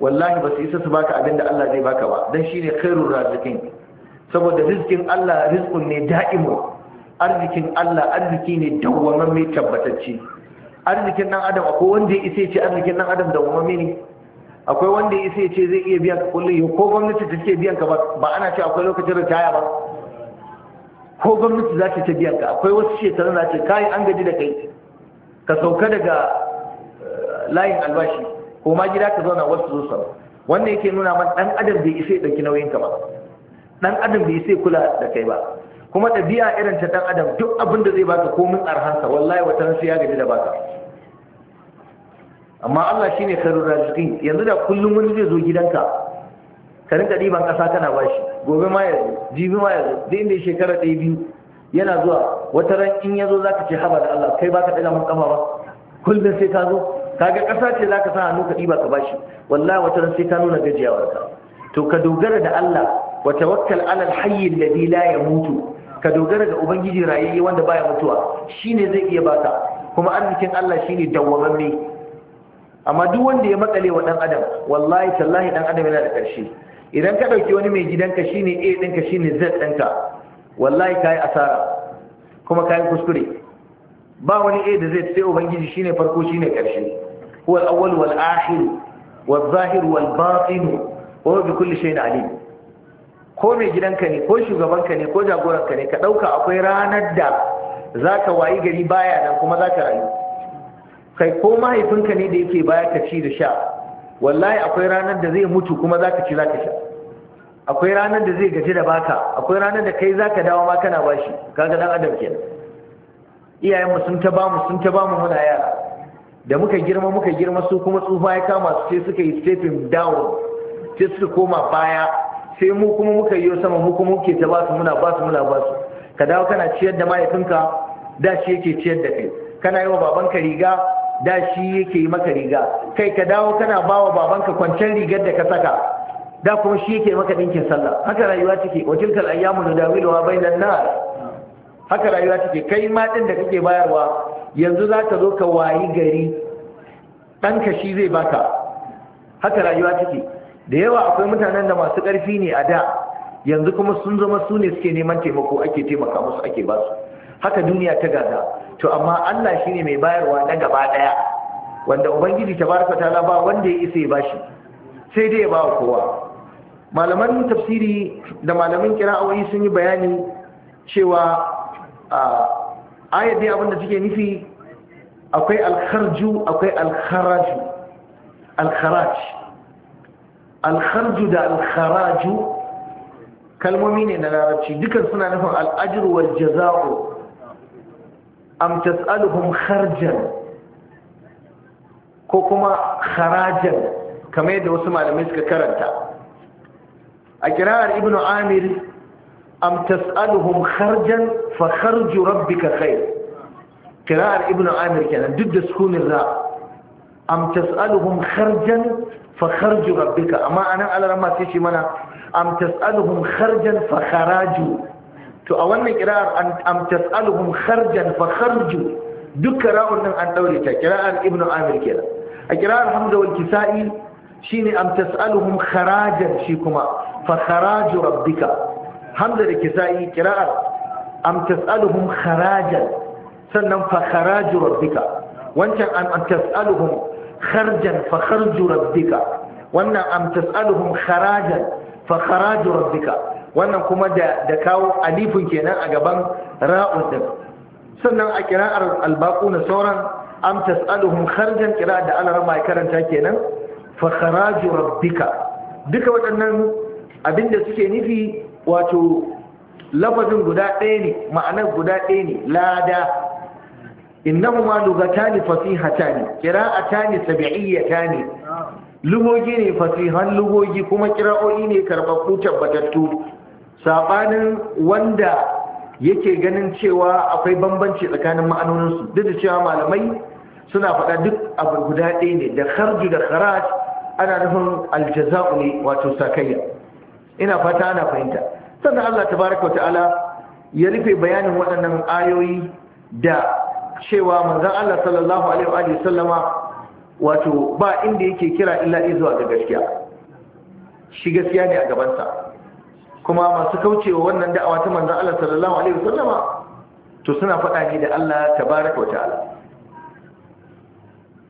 wallahi ba su isa su baka abin da Allah zai baka ba dan shine khairur razikin saboda rizkin Allah rizqun ne da'imu arzikin Allah arziki ne dawwaman mai tabbatacce arzikin dan adam akwai wanda ya isa ce arzikin dan adam dawwaman ne akwai wanda ya isa ce zai iya biyan ka kullum ko gwamnati ta ce biyan ka ba ba ana ce akwai lokacin da ba ko gwamnati za ta ta biyan ka akwai wasu shekaru na ce kai an gaji da kai ka sauka daga eh, layin albashi ko ma gida ka zauna wasu zo sau wannan yake nuna man dan adam bai isa ya dauki nauyin ba dan adam bai isa kula da kai ba kuma ɗabi'a irin ta dan adam duk abin da zai baka komin arhansa wallahi wata nasu ya gaji da baka amma Allah shine khairur rajiki yanzu da kullum wani zai zo gidanka ka rinka diban kasa kana bashi gobe ma ya jibi ma ya duk inda shekara ɗaya biyu yana zuwa wata ran in ya zo za ka ce haba da Allah kai baka ɗaga mun ƙafa ba kullum sai ka zo kaga ƙasa ce zaka sa hannu ka ɗiba ka bashi wallahi wata ran sai ka nuna gajiyawar ka to ka dogara da Allah wa tawakkal ala al-hayy alladhi la yamutu ka dogara ga ubangiji rayayye wanda baya mutuwa shine zai iya baka kuma arzikin Allah shine dawwamamme amma duk wanda ya makale wa dan adam wallahi tallahi dan adam yana da karshe idan ka dauki wani mai gidanka shine A dinka shine Z dinka wallahi kai asara kuma kai kuskure ba wani a da zai sai ubangiji shine farko shine karshe huwa al-awwal wal akhir wal zahir wal batin wa bi kulli shay'in alim ko mai gidanka ne ko shugabanka ne ko jagoranka ne ka dauka akwai ranar da zaka wayi gari baya nan kuma zaka rayu kai ko mahaifinka ne da yake baya ka ci da sha wallahi akwai ranar da zai mutu kuma zaka ci zaka sha akwai ranar da zai gaji da baka akwai ranar da kai zaka dawo ma kana bashi kaga dan adam kenan iyayenmu sun ta bamu sun ta bamu muna yara da muka girma muka girma su kuma tsufa ya kama su sai suka yi stepping down sai suka koma baya sai mu kuma muka yi sama mu kuma muke ta basu muna basu muna basu ka dawo kana ciyar da mahaifinka da shi yake ciyar da kai kana yi wa babanka riga da shi yake yi maka riga kai ka dawo kana ba wa babanka kwancen rigar da ka saka da kuma shi yake maka ɗinkin sallah haka rayuwa take wa tilkal ayyamu nudawiluha bainan nas haka rayuwa take kai ma din da kake bayarwa yanzu za ka zo ka wayi gari ɗanka shi zai baka haka rayuwa take da yawa akwai mutanen da masu ƙarfi ne a da yanzu kuma sun zama su ne suke neman taimako ake taimaka musu ake ba su haka duniya ta gaza to amma Allah shi ne mai bayarwa na gaba ɗaya. wanda ubangiji ta baraka ta ba wanda ya isa ya bashi sai dai ya ba kowa malaman tafsiri da malaman kira'o'i sun yi bayani cewa ayat dai abinda take nufi akwai alkharju akwai alkharaju alkharaj alkharju da alkharaju kalmomi ne na larabci Dukkan suna nufin al'ajir wal jaza'u am tas'aluhum kharjan ko kuma kharajan kamar yadda wasu malamai suka karanta a kira'ar ibnu amir am tas'aluhum kharjan fa kharju rabbika khair qira'ar ibn amir kenan duk da sukunin ra am tas'aluhum kharjan fa kharju rabbika amma anan alarma sai shi mana am tas'aluhum kharjan fa kharaju to a wannan kiraar am tas'aluhum fa kharju duk qira'un nan an daure ta qira'ar ibn amir kenan a kiraar hamza kisa'i shine am tas'aluhum shi kuma fa hamza da kisa'i am tas'aluhum kharajan sannan fa kharaju rabbika wancan am tas'aluhum kharjan fa kharju rabbika wannan am tas'aluhum kharajan fa kharaju rabbika wannan kuma da da kawo alifun kenan a gaban ra'un din sannan a kira'ar albaquna na sauran am tas'aluhum kharjan kira da alarma karanta kenan fa kharaju rabbika duka waɗannan abinda suke nufi wato lafazin guda ɗaya ne ma'anar guda ɗaya ne lada innahuma lugatani fasihatani ta ni lugogi ne fasihan lugogi kuma kira'o'i ne karbabbu tabbatattu Saɓanin wanda yake ganin cewa akwai bambanci tsakanin ma'anonin su duk da cewa malamai suna faɗa duk abu guda ɗaya ne da kharju da kharaj ana nufin aljaza'u ne wato sakayya ina fata ana fahimta sannan Allah tabaraka wata'ala ya rufe bayanin waɗannan ayoyi da cewa manzan Allah sallallahu alaihi wa sallama wato ba inda yake kira illa zuwa ga gaskiya shi gaskiya ne a gabansa kuma masu kaucewa wannan da'awa ta manzan Allah sallallahu alaihi sallama to suna faɗa ne da Allah tabaraka wata'ala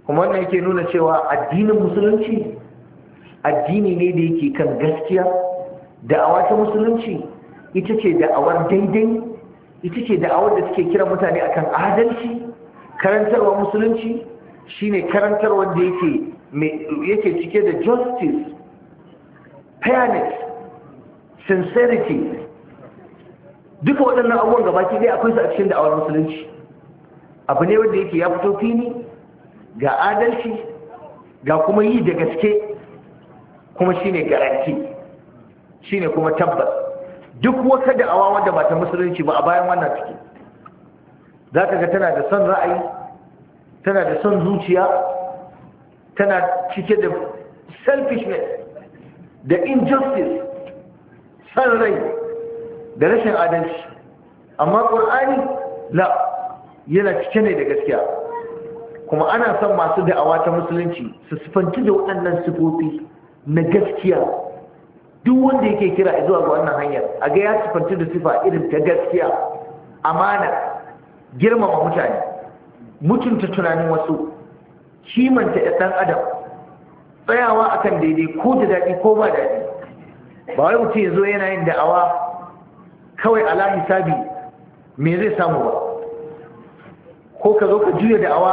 kuma wannan yake nuna cewa addinin musulunci addini ne da yake kan gaskiya da'awa ta musulunci ita ce da'awar daidai ita ce da'awar da suke kira mutane akan adalci karantarwa musulunci shine karantarwa da yake yake cike da justice fairness sincerity duka waɗannan abubuwan gabaki ɗaya akwai su a cikin da'awar musulunci abu ne wanda yake ya fito fini ga adalci ga kuma yi da gaske kuma shine garanti shine kuma tabbas duk wata da'awa wanda ba ta musulunci ba a bayan wannan ciki za ka ga tana da son ra'ayi tana da son zuciya tana cike da selfishness da injustice son rai da rashin adalci amma ƙur'ani la yana cike ne da gaskiya kuma ana son masu da'awa ta musulunci su sifanci da waɗannan sifofi na gaskiya duk wanda yake kira zuwa ga wannan hanyar a ga ya sifanci da sifa irin ta gaskiya amana girmama mutane mutunta tunanin wasu kimanta ɗan adam tsayawa akan daidai ko da daɗi ko ba daɗi ba wai mutum ya zo yana yin da'awa kawai ala hisabi me zai samu ba ko ka zo ka juya da'awa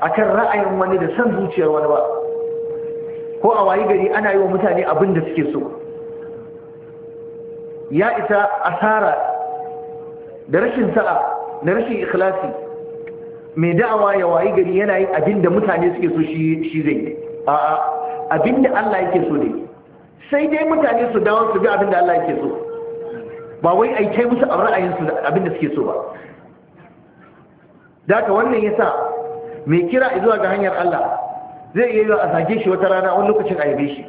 akan ra'ayin wani da san zuciyar wani ba ko a wayi gari ana yi wa mutane abin da suke so ya isa asara da rashin sa'a da rashin ikhlasi mai da'awa ya wayi gari yana yin abin da mutane suke so shi zai a'a abin da Allah yake so ne sai dai mutane su dawo su bi abin da Allah yake so ba wai ai kai musu ra'ayin su abin da suke so ba da ka wannan yasa mai kira zuwa ga hanyar Allah zai iya yi a zage shi wata rana wani lokacin a yabe shi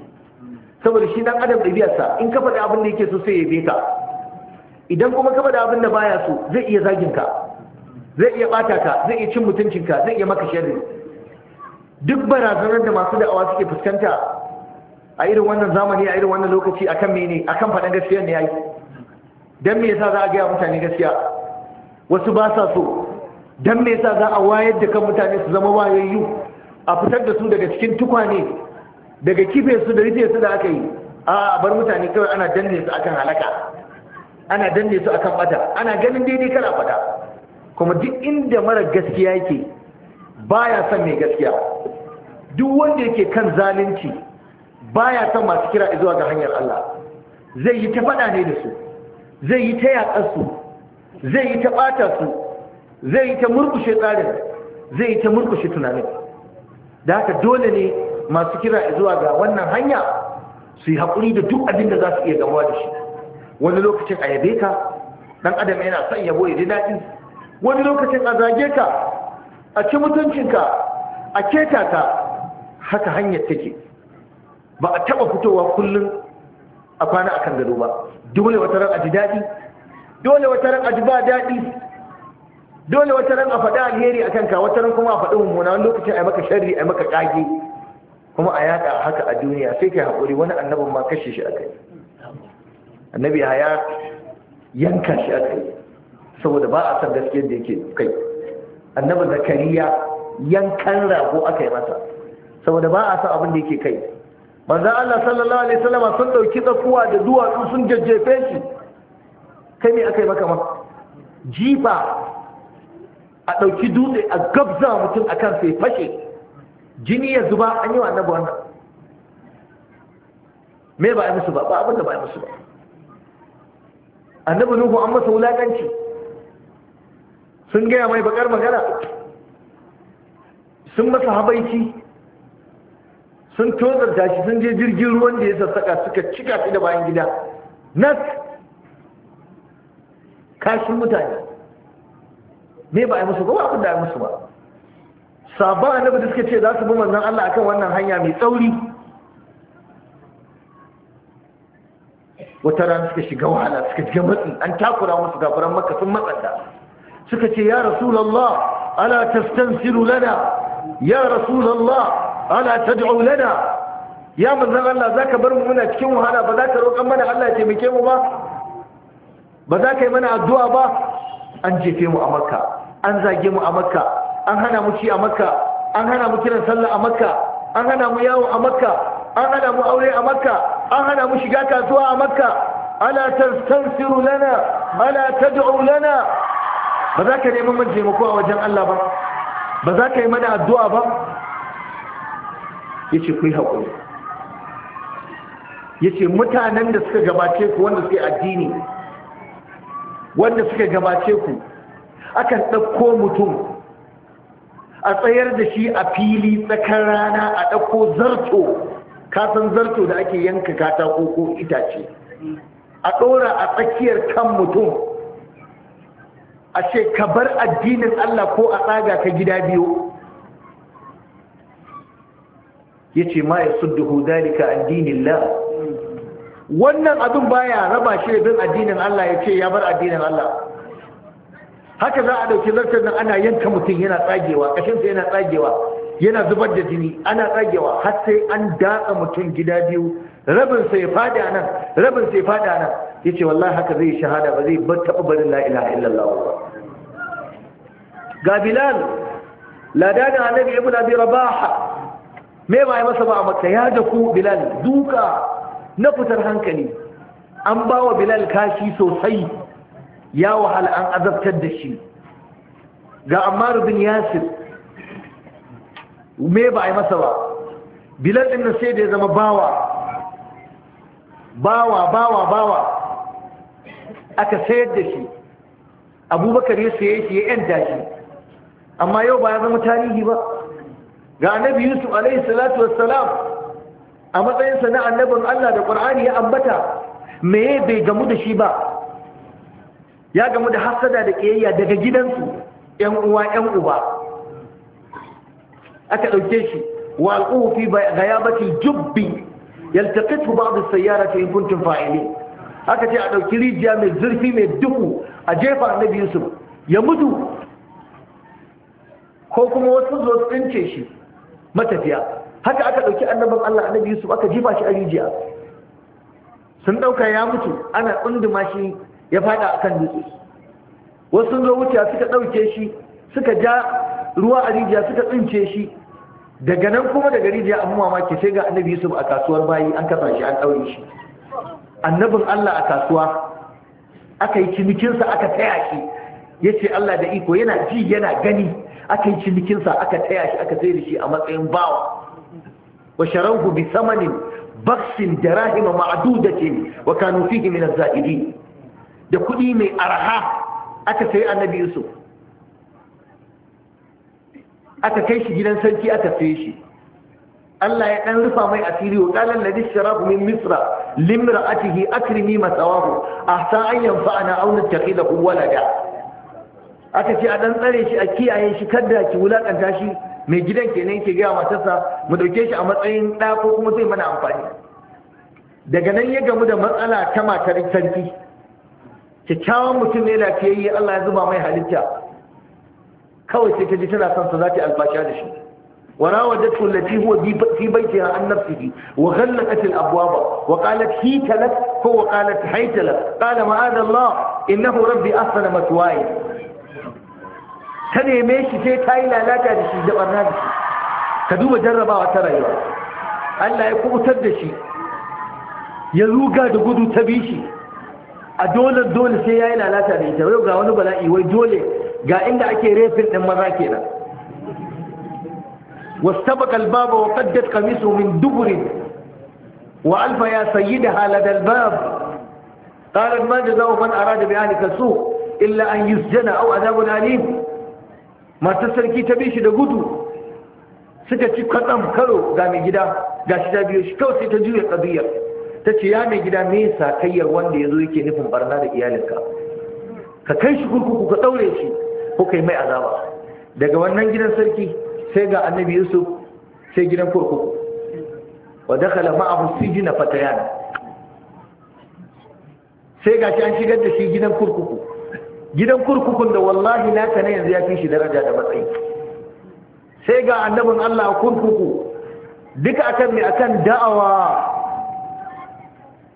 saboda shi dan adam ɗabi'arsa in ka faɗi abin da yake so sai yabe ka idan kuma ka faɗi abin da baya so zai iya zagin ka zai iya ɓata ka zai iya cin mutuncin ka zai iya maka sharri duk barazanar da masu da'awa suke fuskanta a irin wannan zamani a irin wannan lokaci akan mene akan faɗin gaskiya ne yayi dan me yasa za a gaya mutane gaskiya wasu ba sa so dan me yasa za a wayar da kan mutane su zama wayayyu a fitar da su daga cikin tukwane daga kife su da rufe su da aka yi a bar mutane kawai ana danne su akan halaka ana danne su akan bata ana ganin daidai kana faɗa. kuma duk inda mara gaskiya yake baya son mai gaskiya duk wanda yake kan zalunci baya son masu kira zuwa ga hanyar Allah zai yi ta fada ne da su zai yi ta yaƙar su zai yi ta ɓata su zai yi ta murkushe tsarin zai yi ta murkushe tunanin da haka dole ne masu kira zuwa ga wannan hanya su yi haƙuri da duk abin da za su iya gamuwa da shi wani lokacin a yabe ka ɗan adam yana son yabo ya ji daɗi wani lokacin a zage ka a ci mutuncinka a keta ka haka hanyar take ba a taɓa fitowa kullum a kwana a kan gado ba dole wata ran a ji daɗi dole wata ran a ji ba daɗi dole wata ran a faɗi alheri a kanka wata ran kuma a faɗi mummuna wani lokacin a maka sharri a maka ƙage kuma a yaɗa haka a duniya sai kai haƙuri wani annabin ma kashe shi a kai. annabi ya yanka shi a kai saboda ba a san gaskiyar da yake kai annabi zakariya yankan rago aka yi masa saboda ba a san abin da yake kai manzan Allah sallallahu alaihi wasallam sun dauki tsakuwa da duwatsu sun jajjefe shi kai ne aka yi maka ma jifa a ɗauki dutse a gabza mutum a kan sai fashe jini ya zuba an yi wa annabi wannan me ba a musu ba ba abin da ba a musu ba annabi nuhu an masa wulaƙanci sun gaya mai bakar magana sun masa habaici sun tozarta shi sun je jirgin ruwan da ya sassaka suka cika shi da bayan gida nas kashin mutane me ba a yi musu ba abin da a yi musu ba sabon annabi da suka ce za su bi manzon Allah akan wannan hanya mai tsauri wata rana suka shiga wahala suka shiga matsi an takura musu gafuran maka sun matsanta suka ce ya rasulullah ala tastansiru lana ya rasulullah ala tad'u lana ya manzon Allah Za ka bar mu muna cikin wahala ba za ka roƙan mana Allah ya taimake mu ba ba za ka yi mana addu'a ba an jefe mu a makka an zage mu a makka an hana mu ci a makka an hana mu kiran sallah a makka an hana mu yawo a makka an hana mu aure a makka an hana mu shiga kasuwa a makka ala tastansiru lana ala tad'u lana ba za ka nemi mun taimako a wajen Allah ba ba za ka yi mana addu'a ba yace ku yi hakuri yace mutanen da suka gabace ku wanda suke addini wanda suka gabace ku akan ɗauko mutum a tsayar da shi a fili tsakar rana a ɗauko zarto kasan zarto da ake yanka katako ko itace a ɗora a tsakiyar kan mutum a ce ka bar addinin Allah ko a tsaga ka gida biyu ya ce ma ya sudduhu dalika addinin la wannan abin baya raba shi bin addinin Allah ya ce ya bar addinin Allah haka za a ɗauki zartar nan ana yanka mutum yana tsagewa ƙashinsa yana tsagewa yana zubar da jini ana tsagewa har sai an datsa mutum gida biyu rabin sai fada nan rabin sai fada nan yace wallahi haka zai shahada ba zai bar taɓa barin la ilaha illallah ba ga bilal ladana annabi ibnu abi rabaha me ba ya masa ba a makka ya da ku bilal duka na fitar hankali an ba wa bilal kashi sosai ya wahala an azabtar da shi ga ammar bin yasir me ba a yi masa ba bilal din nan sai da ya zama bawa bawa bawa bawa aka sayar da shi abubakar ya saye shi ya yanta shi amma yau ba ya zama tarihi ba ga annabi yusuf alaihi salatu wassalam a matsayinsa na annabin allah da ƙwar'ani ya ambata me bai gamu da shi ba ya gamu da hasada da ƙiyayya daga gidansu ‘yan uwa ‘yan uba aka ɗauke shi wa al'ufi ga ya bati jubbi yaltaqitu ba'd as ta yi kuntum fa’ili aka ce a ɗauki rijiya mai zurfi mai duhu a jefa annabi Yusuf ya mutu ko kuma wasu zo tsince shi matafiya haka aka ɗauki annabin Allah annabi su aka jefa shi a rijiya sun ɗauka ya mutu ana tsundu shi ya fada kan dutse wasu zo suka ɗauke shi suka ja ruwa a rijiya suka tsince shi daga nan kuma daga rijiya an mamaki sai ga annabi yusuf a kasuwar bayi an kasa shi an ɗaure shi annabin allah a kasuwa aka yi cinikinsa aka taya shi ya ce allah da iko yana ji yana gani aka yi cinikinsa aka taya shi aka sai da shi a matsayin bawa wa sharanku bi samanin baksin da rahima ce wa kanu fihi min az da kuɗi mai araha aka sai annabi yusuf aka kai shi gidan sarki aka sai shi Allah ya ɗan rufa mai asiri wa qala alladhi sharafu min misra limra'atihi akrimi masawahu ahsa an yanfa'ana aw nattakhidahu walada aka ce a ɗan tsare shi a kiyaye shi kada ki wulakanta shi mai gidan kenan yake ga matarsa mu ɗauke shi a matsayin da ko kuma zai mana amfani daga nan ya gamu da matsala ta matar sarki kyakkyawan mutum ne lafiyayye Allah ya zuba mai halitta kawai sai ta ji tana son sa za ta albasha da shi وراودته التي هو في بيتها عن نفسه وغلقت الأبواب hi هيت ko هو قالت حيت لك قال ma. الله إنه ربي أحسن مثواي kada Ta neme shi sai ta yi lalata da shi da barna da shi ka duba jarrabawa ta rayuwa Allah ya kubutar da shi ya ruga da gudu ta bi shi a dole dole sai ya yi lalata da ita yau ga wani bala'i wai dole ga inda ake refin din maza kenan wastaba kalbaba wa kaddat kamisu min duburi wa alfa ya sayi da haladar bab ƙarar ma da zama man arada bi ahli kasu illa an yusjana au azabun alim mata sarki ta bi shi da gudu suka ci kwatsam karo ga mai gida ga shi ta biyo shi kawai sai ta juya ƙabiyar ta ce ya mai gida me kayyar wanda ya zo yake nufin barna da iyalinka ka kai shi kurkuku ka ɗaure shi ko kai mai azaba daga wannan gidan sarki sai ga annabi yusuf sai gidan kurkuku wa dakhala ma'ahu fata fatayan sai ga shi an shigar da shi gidan kurkuku gidan kurkukun da wallahi naka ne yanzu ya fi shi daraja da matsayi sai ga annabin Allah kurkuku duka akan mai akan da'awa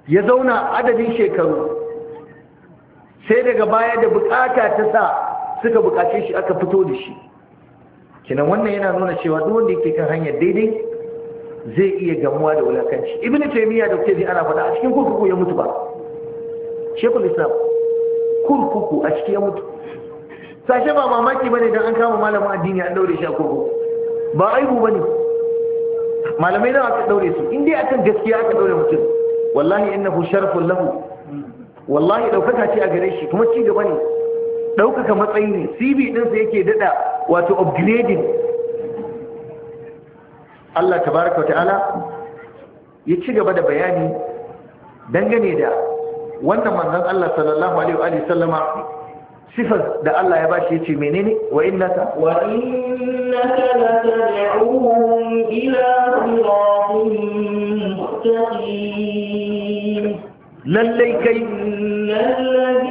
ya zauna adadin shekaru sai daga baya da bukata ta sa suka bukace shi aka fito da shi kinan wannan yana nuna cewa duk wanda yake kan hanyar daidai zai iya gamuwa da wulakanci ibn taymiya da kaji ana faɗa a cikin kurkuku ya mutu ba shekul islam kurkuku a cikin ya mutu sashe ba mamaki bane dan an kama malamin addini an daure shi a kurkuku ba aibu bane malamai da aka daure su in dai akan gaskiya aka daure mutum wallahi innahu sharafun lahu wallahi daukaka ce a gare shi kuma ci gaba ne daukaka matsayi ne cv ɗinsa yake dada wato upgrading Allah tabaraka wa ta'ala ya ci gaba da bayani dangane da wannan manzon Allah sallallahu alaihi wa sallama sifar da Allah ya bashi yace menene wa innaka wa innaka latad'uhum ila siratin mustaqim lallai kai Allah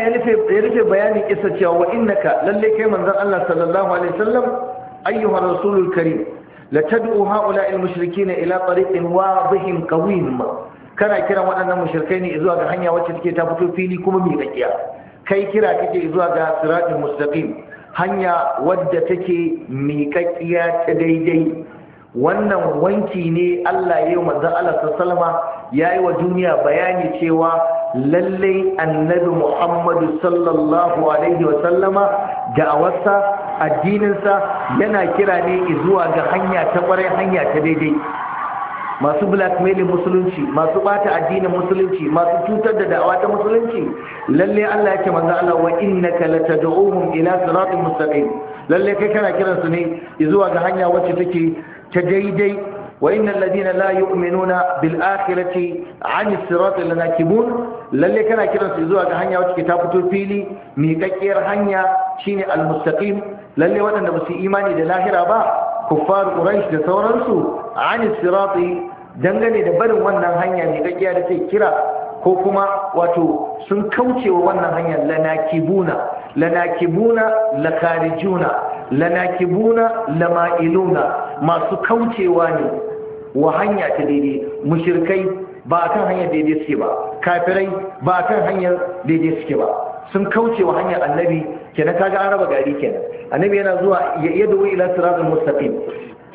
ya rufe ya rufe bayanin kisa cewa wa innaka lallai kai manzon Allah sallallahu alaihi wasallam ayyuha rasulul karim la tad'u ha'ula'i al-mushrikeena ila tariqin wadihin qawim kana kiran waɗannan mushrikai ne zuwa ga hanya wacce take ta fito fili kuma mai gaskiya kai kira kake zuwa ga siratul mustaqim hanya wadda take miƙaƙƙiya ta daidai wannan wanki ne Allah ya yi manzan Allah ya yi wa duniya bayani cewa lallai annabi Muhammadu sallallahu alaihi wasallama wasa, addininsa yana kira ne zuwa ga hanya ta kwarai hanya ta daidai masu blackmailing musulunci masu bata addinin musulunci masu cutar da da'awa ta musulunci lalle Allah yake manzo Allah wa innaka latad'uhum ila siratin mustaqim lalle kai kana kiran su ne zuwa ga hanya wacce take ta daidai wa innal ladina la yu'minuna bil akhirati 'ani siratil lanakibun lalle kana kiran su zuwa ga hanya wacce ta fito fili miƙaƙƙiyar hanya shine al mustaqim lalle waɗanda ba su imani da lahira ba kuffar quraish da sauransu an sirati dangane da barin wannan hanya ne ga da sai kira ko kuma wato sun kaucewa wannan hanyar lanakibuna lanakibuna lakarijuna lanakibuna lama'iluna masu kaucewa ne wa hanya ta daidai mushirkai ba kan hanyar daidai suke ba kafirai ba akan kan hanyar daidai suke ba sun kauce wa hanyar annabi kenan kaga an raba gari kenan annabi yana zuwa ya yadu ila siratul mustaqim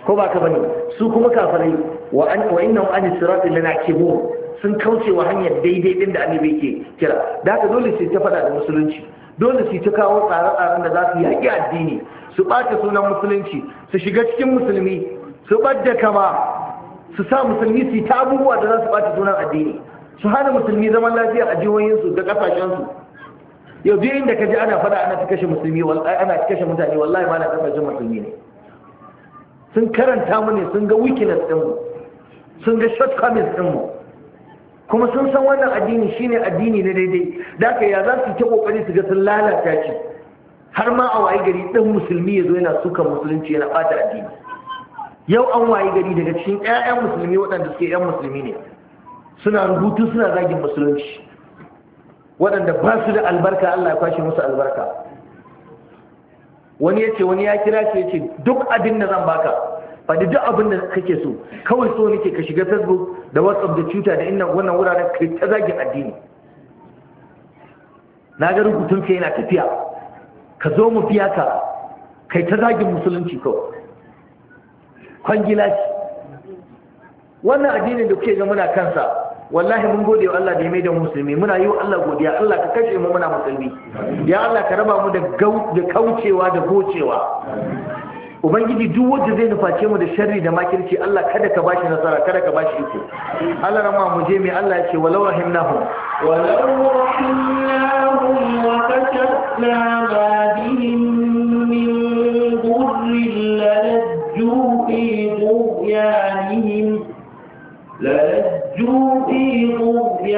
ko ba ka bane su kuma kafirai wa an wa innahum an lana kibu sun kauce wa hanyar daidai din da annabi yake kira da haka dole sai ta fada da musulunci dole sai ta kawo tsare-tsaren da za su yaƙi addini su ɓata sunan musulunci su shiga cikin musulmi su ɓadda kama su sa musulmi su yi ta abubuwa da za su ɓata sunan addini su hana musulmi zaman lafiya a jihohinsu da ƙasashensu yau biyu inda ka ji ana fada ana kashe musulmi ana kashe mutane wallahi ma na kashe musulmi ne sun karanta mu ne sun ga weakness ɗin mu sun ga shortcomings ɗin mu kuma sun san wannan addini shine addini na daidai da ka ya za su ta kokari su ga sun lalata shi har ma a wayi gari ɗan musulmi ya zo yana sukan musulunci yana ɓata addini yau an wayi gari daga cikin 'ya'yan musulmi waɗanda suke 'yan musulmi ne suna rubutu suna zagin musulunci waɗanda ba su da albarka Allah ya kwashe musu albarka wani ya ce wani ya kira shi ce duk abin da zan baka faɗi duk abin da kake so kawai so nake ka shiga facebook da whatsapp da twitter da inna wannan wuraren kai ta zagin addini na ga rubutun ka yana tafiya ka zo mu fiya ka kai ta zagin musulunci kawai kwangila ce wannan addinin da kuke ga muna kansa wallahi mun gode wa Allah da ya maida musulmi muna yi wa Allah godiya Allah ka kashe mu muna musulmi ya Allah ka raba mu da da kaucewa da gocewa ubangiji duk wanda zai nuface mu da sharri da makirci Allah kada ka bashi nasara kada ka bashi iko Allah rama mu je mai Allah ya ce walau rahimnahum walau rahimnahum wa katabna ma bihim min dhurrin lanajju fi tughyanihim lanajju لجوا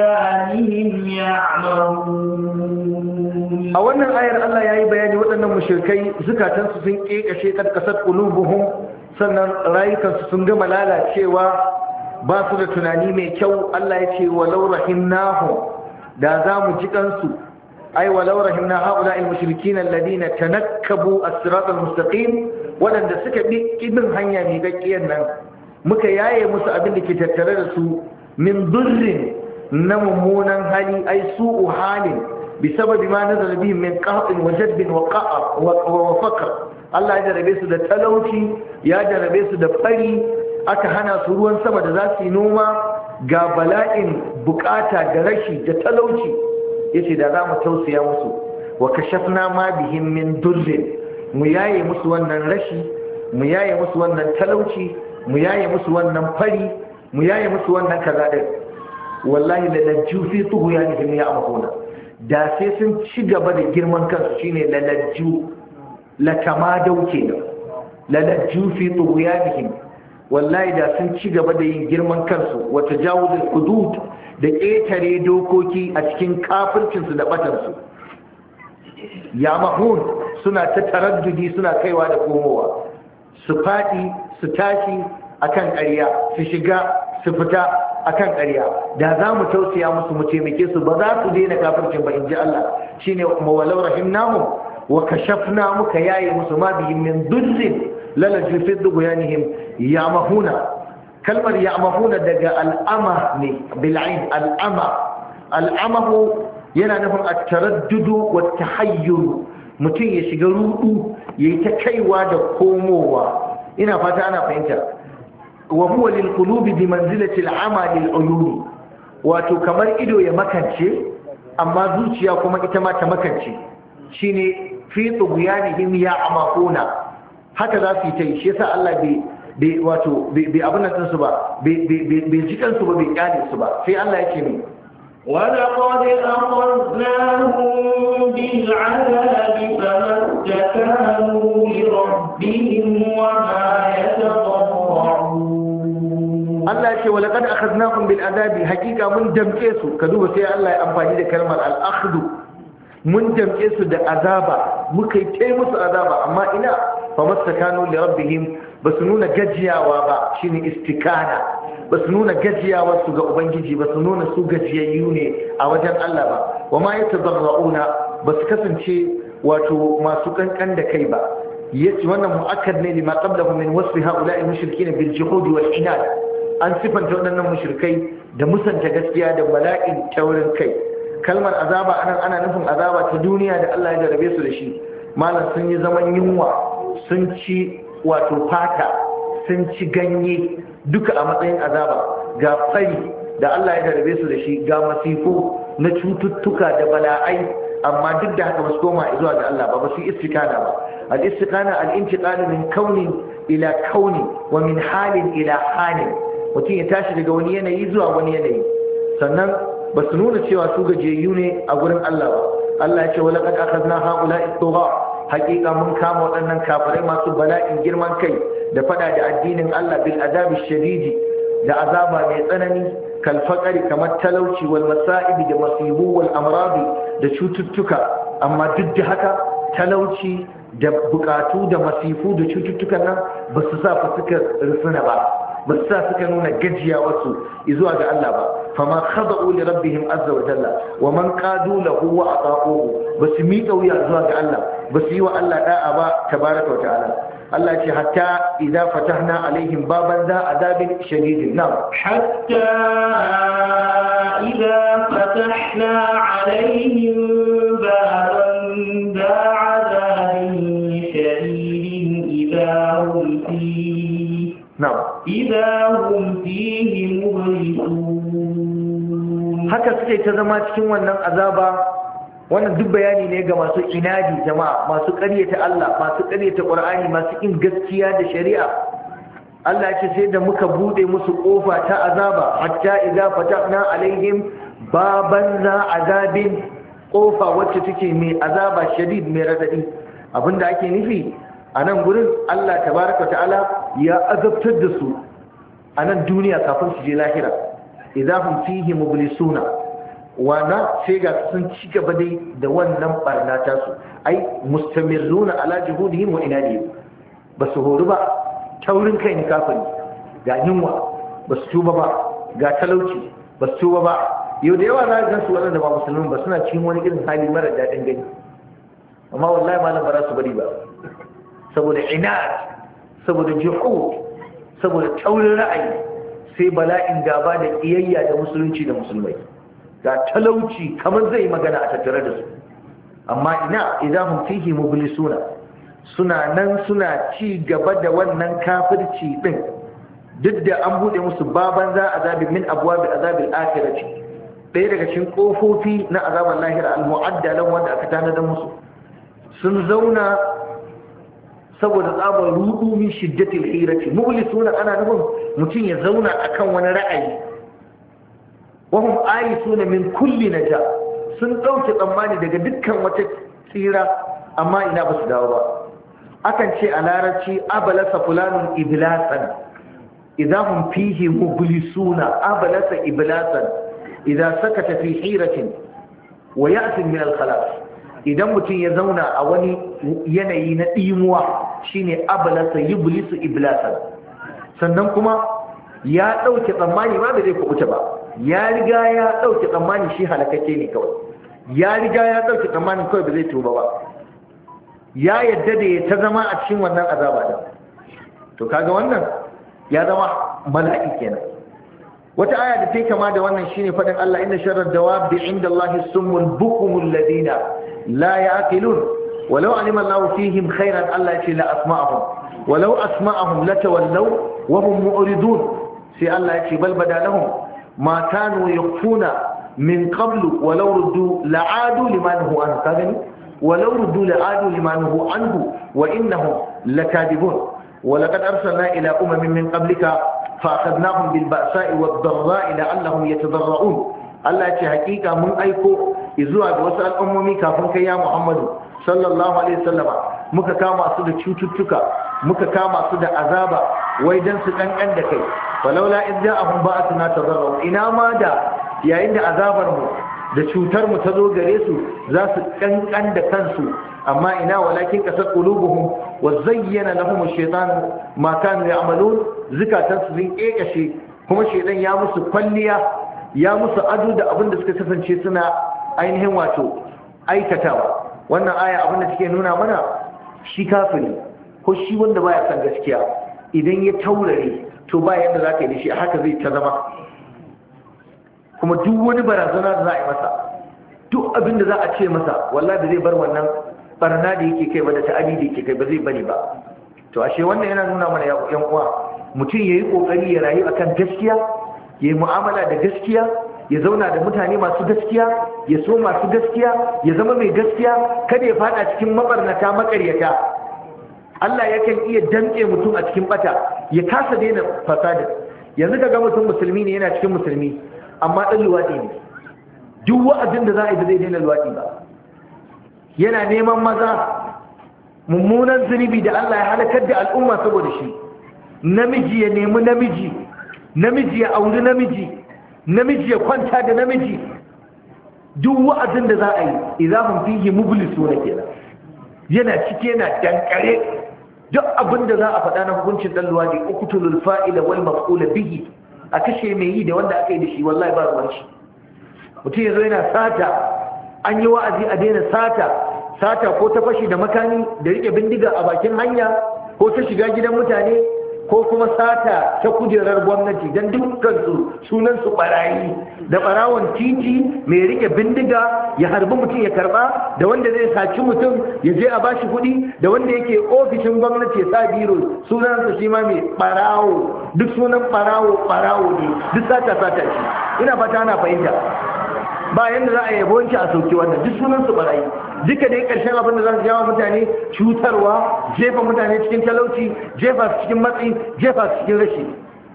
a wannan ayar Allah ya yi bayani waɗannan mushrikai zukatansu sun ƙeƙashe ƙarƙasar ƙulubuhun sannan rayukansu sun gama lalacewa ba su da tunani mai kyau Allah ya ce walau rahimnahu da za mu ji kansu ai walau rahimna haula na mushrikin na tanakkabu as-sirat al-mustaqim suka bi kibin hanya mai gakkiyar nan muka yaye musu abin da ke tattare da su min durrin na mummunan hali ai su'u halin bi sababi ma nazar bihim min qahdin wa jaddin wa qa'a wa faqr Allah ya jarabe su da talauci ya jarabe su da fari aka hana su ruwan sama da za su yi noma ga bala'in bukata da rashi da talauci yace da za mu tausaya musu wa kashafna ma bihim min durrin mu yaye musu wannan rashi mu yaye musu wannan talauci mu yaye musu wannan fari mu yaye musu wannan kaza din wallahi la ya fi ya ya'mahuna da sai sun ci gaba da girman kansu shine la ju la tamadau da la lajju fi ni wallahi da sun ci gaba da yin girman kansu wata tajawuzul hudud da ƙetare dokoki a cikin su da batansu ya mahun suna ta taraddudi suna kaiwa da komowa su faɗi su tashi akan ƙarya su shiga su fita akan ƙarya da za mu tausaya musu mu taimake su ba za su daina kafircin ba in ji Allah shine mawalau rahimnahu wa kashafna muka yaye musu ma bihim min dunzin lala fi dughyanihim ya mahuna kalmar ya mahuna daga al'ama ne bil'ain al'ama al'amahu yana nufin at-taraddudu wa tahayyur mutum ya shiga rudu yayi ta kaiwa da komowa ina fata ana fahimta wa huwa lil qulubi bi manzilati al ama lil uyun wato kamar ido ya makance amma zuciya kuma ita ma ta makance shine fi tughyanihim ya amaquna haka za su yi ta yi shi yasa Allah bai bai wato bai abin nan su ba bai ji kansu ba bai kyale su ba sai Allah yake ne ولقد أخذناهم بالعذاب فما استكانوا لربهم وما يتضرعون Allah ya ce wala kad akhadnahum bil adabi hakika mun damke su ka duba sai Allah ya amfani da kalmar al mun damke su da azaba muka yi kai musu azaba amma ina fa mastakanu li rabbihim basu nuna gajiyawa ba shine istikana basu nuna gajiyawa su ga ubangiji basu nuna su gajiyayyu ne a wajen Allah ba wa ma yatadarrauna basu kasance wato masu kankan da kai ba yace wannan mu'akkad ne lima qablahu min wasfi ha'ula'i mushrikin bil juhud wal inad an sifanta waɗannan mushrikai da musanta gaskiya da bala'in taurin kai kalmar azaba anan ana nufin azaba ta duniya da Allah ya jarabe su da shi malam sun yi zaman yunwa sun ci wato fata sun ci ganye duka a matsayin azaba ga fari da Allah ya jarabe su da shi ga masifo na cututtuka da bala'ai amma duk da haka ba su koma zuwa ga Allah ba ba su yi istikana ba al-istikana al-intiqalu min ila kauni wa min halin ila halin mutum ya tashi daga wani yanayi zuwa wani yanayi sannan ba su nuna cewa su gajiyayyu ne a gurin Allah ba Allah ya ce wala qad akhadna haula istugha haqiqa mun kama waɗannan kafirai masu bala'in girman kai da fada da addinin Allah bil azabi shadidi da azaba mai tsanani kal faqari kamar talauci wal masa'ib da masibu wal da cututtuka amma duk da haka talauci da bukatu da masifu da cututtukan nan ba su sa fa suka rusuna ba ba su sa suka nuna gajiya wasu izuwa ga Allah ba fama khada'u li rabbihim azza wa jalla wa man qadu lahu wa ata'uhu ba su mi wuya zuwa ga Allah ba su yi wa Allah da'a ba tabaraka wa ta'ala Allah ce hatta idza fatahna alaihim baban za azabin shadidin nam hatta idza fatahna alaihim نعم إذا هم فيه مبلسون haka suke ta zama cikin wannan azaba wannan duk bayani ne ga masu inadi jama'a masu ƙaryata Allah masu ƙaryata Qur'ani masu kin gaskiya da shari'a Allah ya ce sai da muka bude musu kofa ta azaba hatta idza fatahna alaihim baban za azabin kofa wacce take mai azaba shadid mai radadi abinda ake nufi a nan gurin Allah tabaraka ta'ala ya azabtar da su a nan duniya kafin su je lahira idan hum fihi mublisuna wana sai ga sun ci gaba dai da wannan barna ta su ai mustamirruna ala juhudihim wa inadihim ba su horu ba taurin kai ne kafin ga yunwa ba su tuba ba ga talauci ba su tuba ba yau da yawa na gan su waɗanda ba musulmi ba suna cikin wani irin hali mara daɗin gani amma wallahi malam ba su bari ba saboda inad saboda juhu saboda taurin ra'ayi sai bala'in gaba da iyayya da musulunci da musulmai ga talauci kamar zai magana a tattare da su amma ina idahum fihi mublisuna suna nan suna ci gaba da wannan kafirci din duk da an bude musu baban za azabi min abwabi azabil akhirati ɗaya daga cikin kofofi na azabar lahira al-mu'addalan wanda aka da musu sun zauna saboda tsabar rudu min shiddatil hirati mublisuna ana nufin mutum ya zauna akan wani ra'ayi wahum suna min kulli naja sun dauke tsammani daga dukkan wata tsira amma ina ba su dawo ba akan ce a larabci abalasa fulanun iblasan idan hum fihi mublisuna abalasa iblasan idan sakata fi hiratin wa ya'tin min al-khalas idan mutum ya zauna a wani yanayi na ɗimuwa shine abalasa bulisu iblasan sannan kuma ya ɗauke tsammani ba da zai kubuta ba ya riga ya ɗauke tsammani shi halakake ne kawai ya riga ya ɗauke tsammanin kawai ba zai tuba ba ya yadda da ya ta zama a cikin wannan azaba da to kaga wannan ya zama mala'i kenan wata aya da take kama da wannan shine faɗin Allah inna dawab bi inda Allah sumul bukumul ladina la yaqilun walau alima Allahu fihim khairan Allah yace la asma'ahum walau asma'ahum latawallaw wa hum mu'ridun sai Allah yace bal badalahum ma kanu yakhfuna min qablu walau ruddu la'adu liman hu an kagani walau ruddu la'adu liman hu anhu wa innahum ولقد أرسلنا إلى أمم من قبلك فأخذناهم بالبأساء والضراء لعلهم يتضرعون Allah ce hakika mun aiko zuwa da wasu al'ummomi kafin kai ya muhammadu sallallahu alaihi wasallama muka kama su da cututtuka muka kama su da azaba wai don su ƙanƙan da kai falaula in a ba'athuna tadarru ina ma da yayin da azabar mu da cutar mu ta zo gare su za su ƙanƙan da kansu amma ina walakin kasar qulubuhum wa zayyana lahum ash-shaytan ma kanu ya'malun Zikatar su sun kekashe kuma shaidan ya musu kwalliya ya musu ado da abin da suka kasance suna ainihin wato aikatawa wannan aya abin da take nuna mana shi kafiri ko shi wanda baya san gaskiya idan ya taurare to ba yadda za ka yi shi haka zai ta zama kuma duk wani barazana da za a yi masa duk abin da za a ce masa wallahi da zai bar wannan barna da yake kai ba da ta'adi da yake kai ba zai bari ba to ashe wannan yana nuna mana yan uwa mutum yayi kokari ya rayu akan gaskiya ya yi mu'amala da gaskiya ya zauna da mutane masu gaskiya ya so masu gaskiya ya zama mai gaskiya kada ya fada cikin mabarnata makaryata Allah yakan iya dantse mutum a cikin bata ya kasa daina fasadin yanzu kaga mutum musulmi ne yana cikin musulmi amma ɗan luwaɗi ne duk wa'azin da za a yi zai daina luwaɗi ba yana neman maza mummunan zunubi da Allah ya halakar da al'umma saboda shi namiji ya nemi namiji namiji ya auri namiji namiji ya kwanta da namiji duk wa'azin da za a yi izahun fihi mublisu na kenan yana cike yana dankare duk abin da za a faɗa na hukuncin dan luwadi uqtulul ila wal maf'ula bihi a kashe mai yi da wanda aka yi da shi wallahi ba ruwan shi mutum yazo yana sata an yi wa'azi a daina sata sata ko ta fashe da makami da rike bindiga a bakin hanya ko ta shiga gidan mutane ko kuma sata ta kujerar gwamnati don sunan sunansu barayi da barawon titi mai rike bindiga ya harbi mutum ya karba da wanda zai saci mutum ya je a bashi kuɗi da wanda yake ofishin gwamnati ya sa biro su shi ma mai barawo duk sunan barawo barawo ne duk sata sata shi ina fata ana fahimta ba yanda za a yabo wancan a sauki wannan duk sunansu barayi duka dai ƙarshen abin da za su mutane cutarwa jefa mutane cikin talauci jefa su cikin matsi jefa su cikin rashi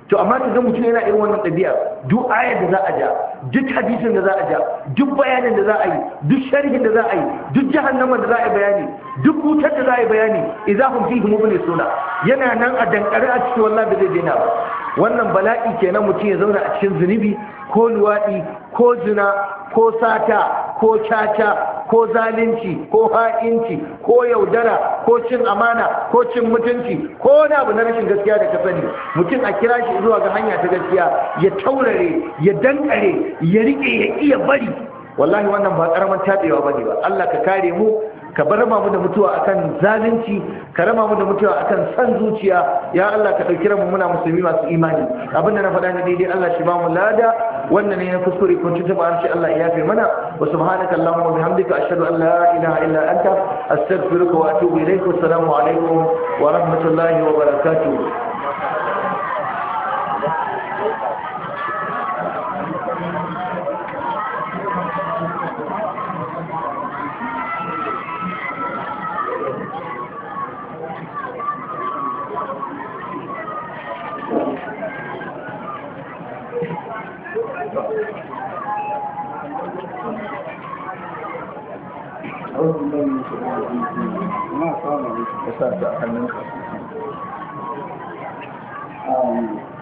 to amma ka ga mutum yana irin wannan ɗabi'a duk ayar da za a ja duk hadisin da za a ja duk bayanin da za a yi duk sharhin da za a yi duk jahannama da za a yi bayani duk wutar da za a yi bayani idza hum fihi suna, yana nan a dankare a cikin wallahi da zai daina ba wannan bala'i kenan mutum ya zauna a cikin zunubi ko luwaɗi ko zina ko sata ko caca ko zalunci ko ha'inci ko yaudara ko cin amana ko cin mutunci ko wani abu na rashin gaskiya da ka sani mutum a kira shi zuwa ga hanya ta gaskiya ya taurare ya dankare ya riƙe ya iya bari wallahi wannan ba karaman tabewa ne ba Allah ka kare mu ka bar mu da mutuwa akan zalunci ka rama mu da mutuwa akan san zuciya ya Allah ka dauki mu muna musulmi masu imani Abin da na faɗa ne daidai Allah shi ba mu lada wannan ne na kuskure kun ci taba shi Allah ya yafe mana wa subhanaka allahumma wa bihamdika ashhadu an la ilaha illa anta astaghfiruka wa atubu ilayk wa assalamu alaikum wa rahmatullahi wa barakatuh ya sa su a hannunka um,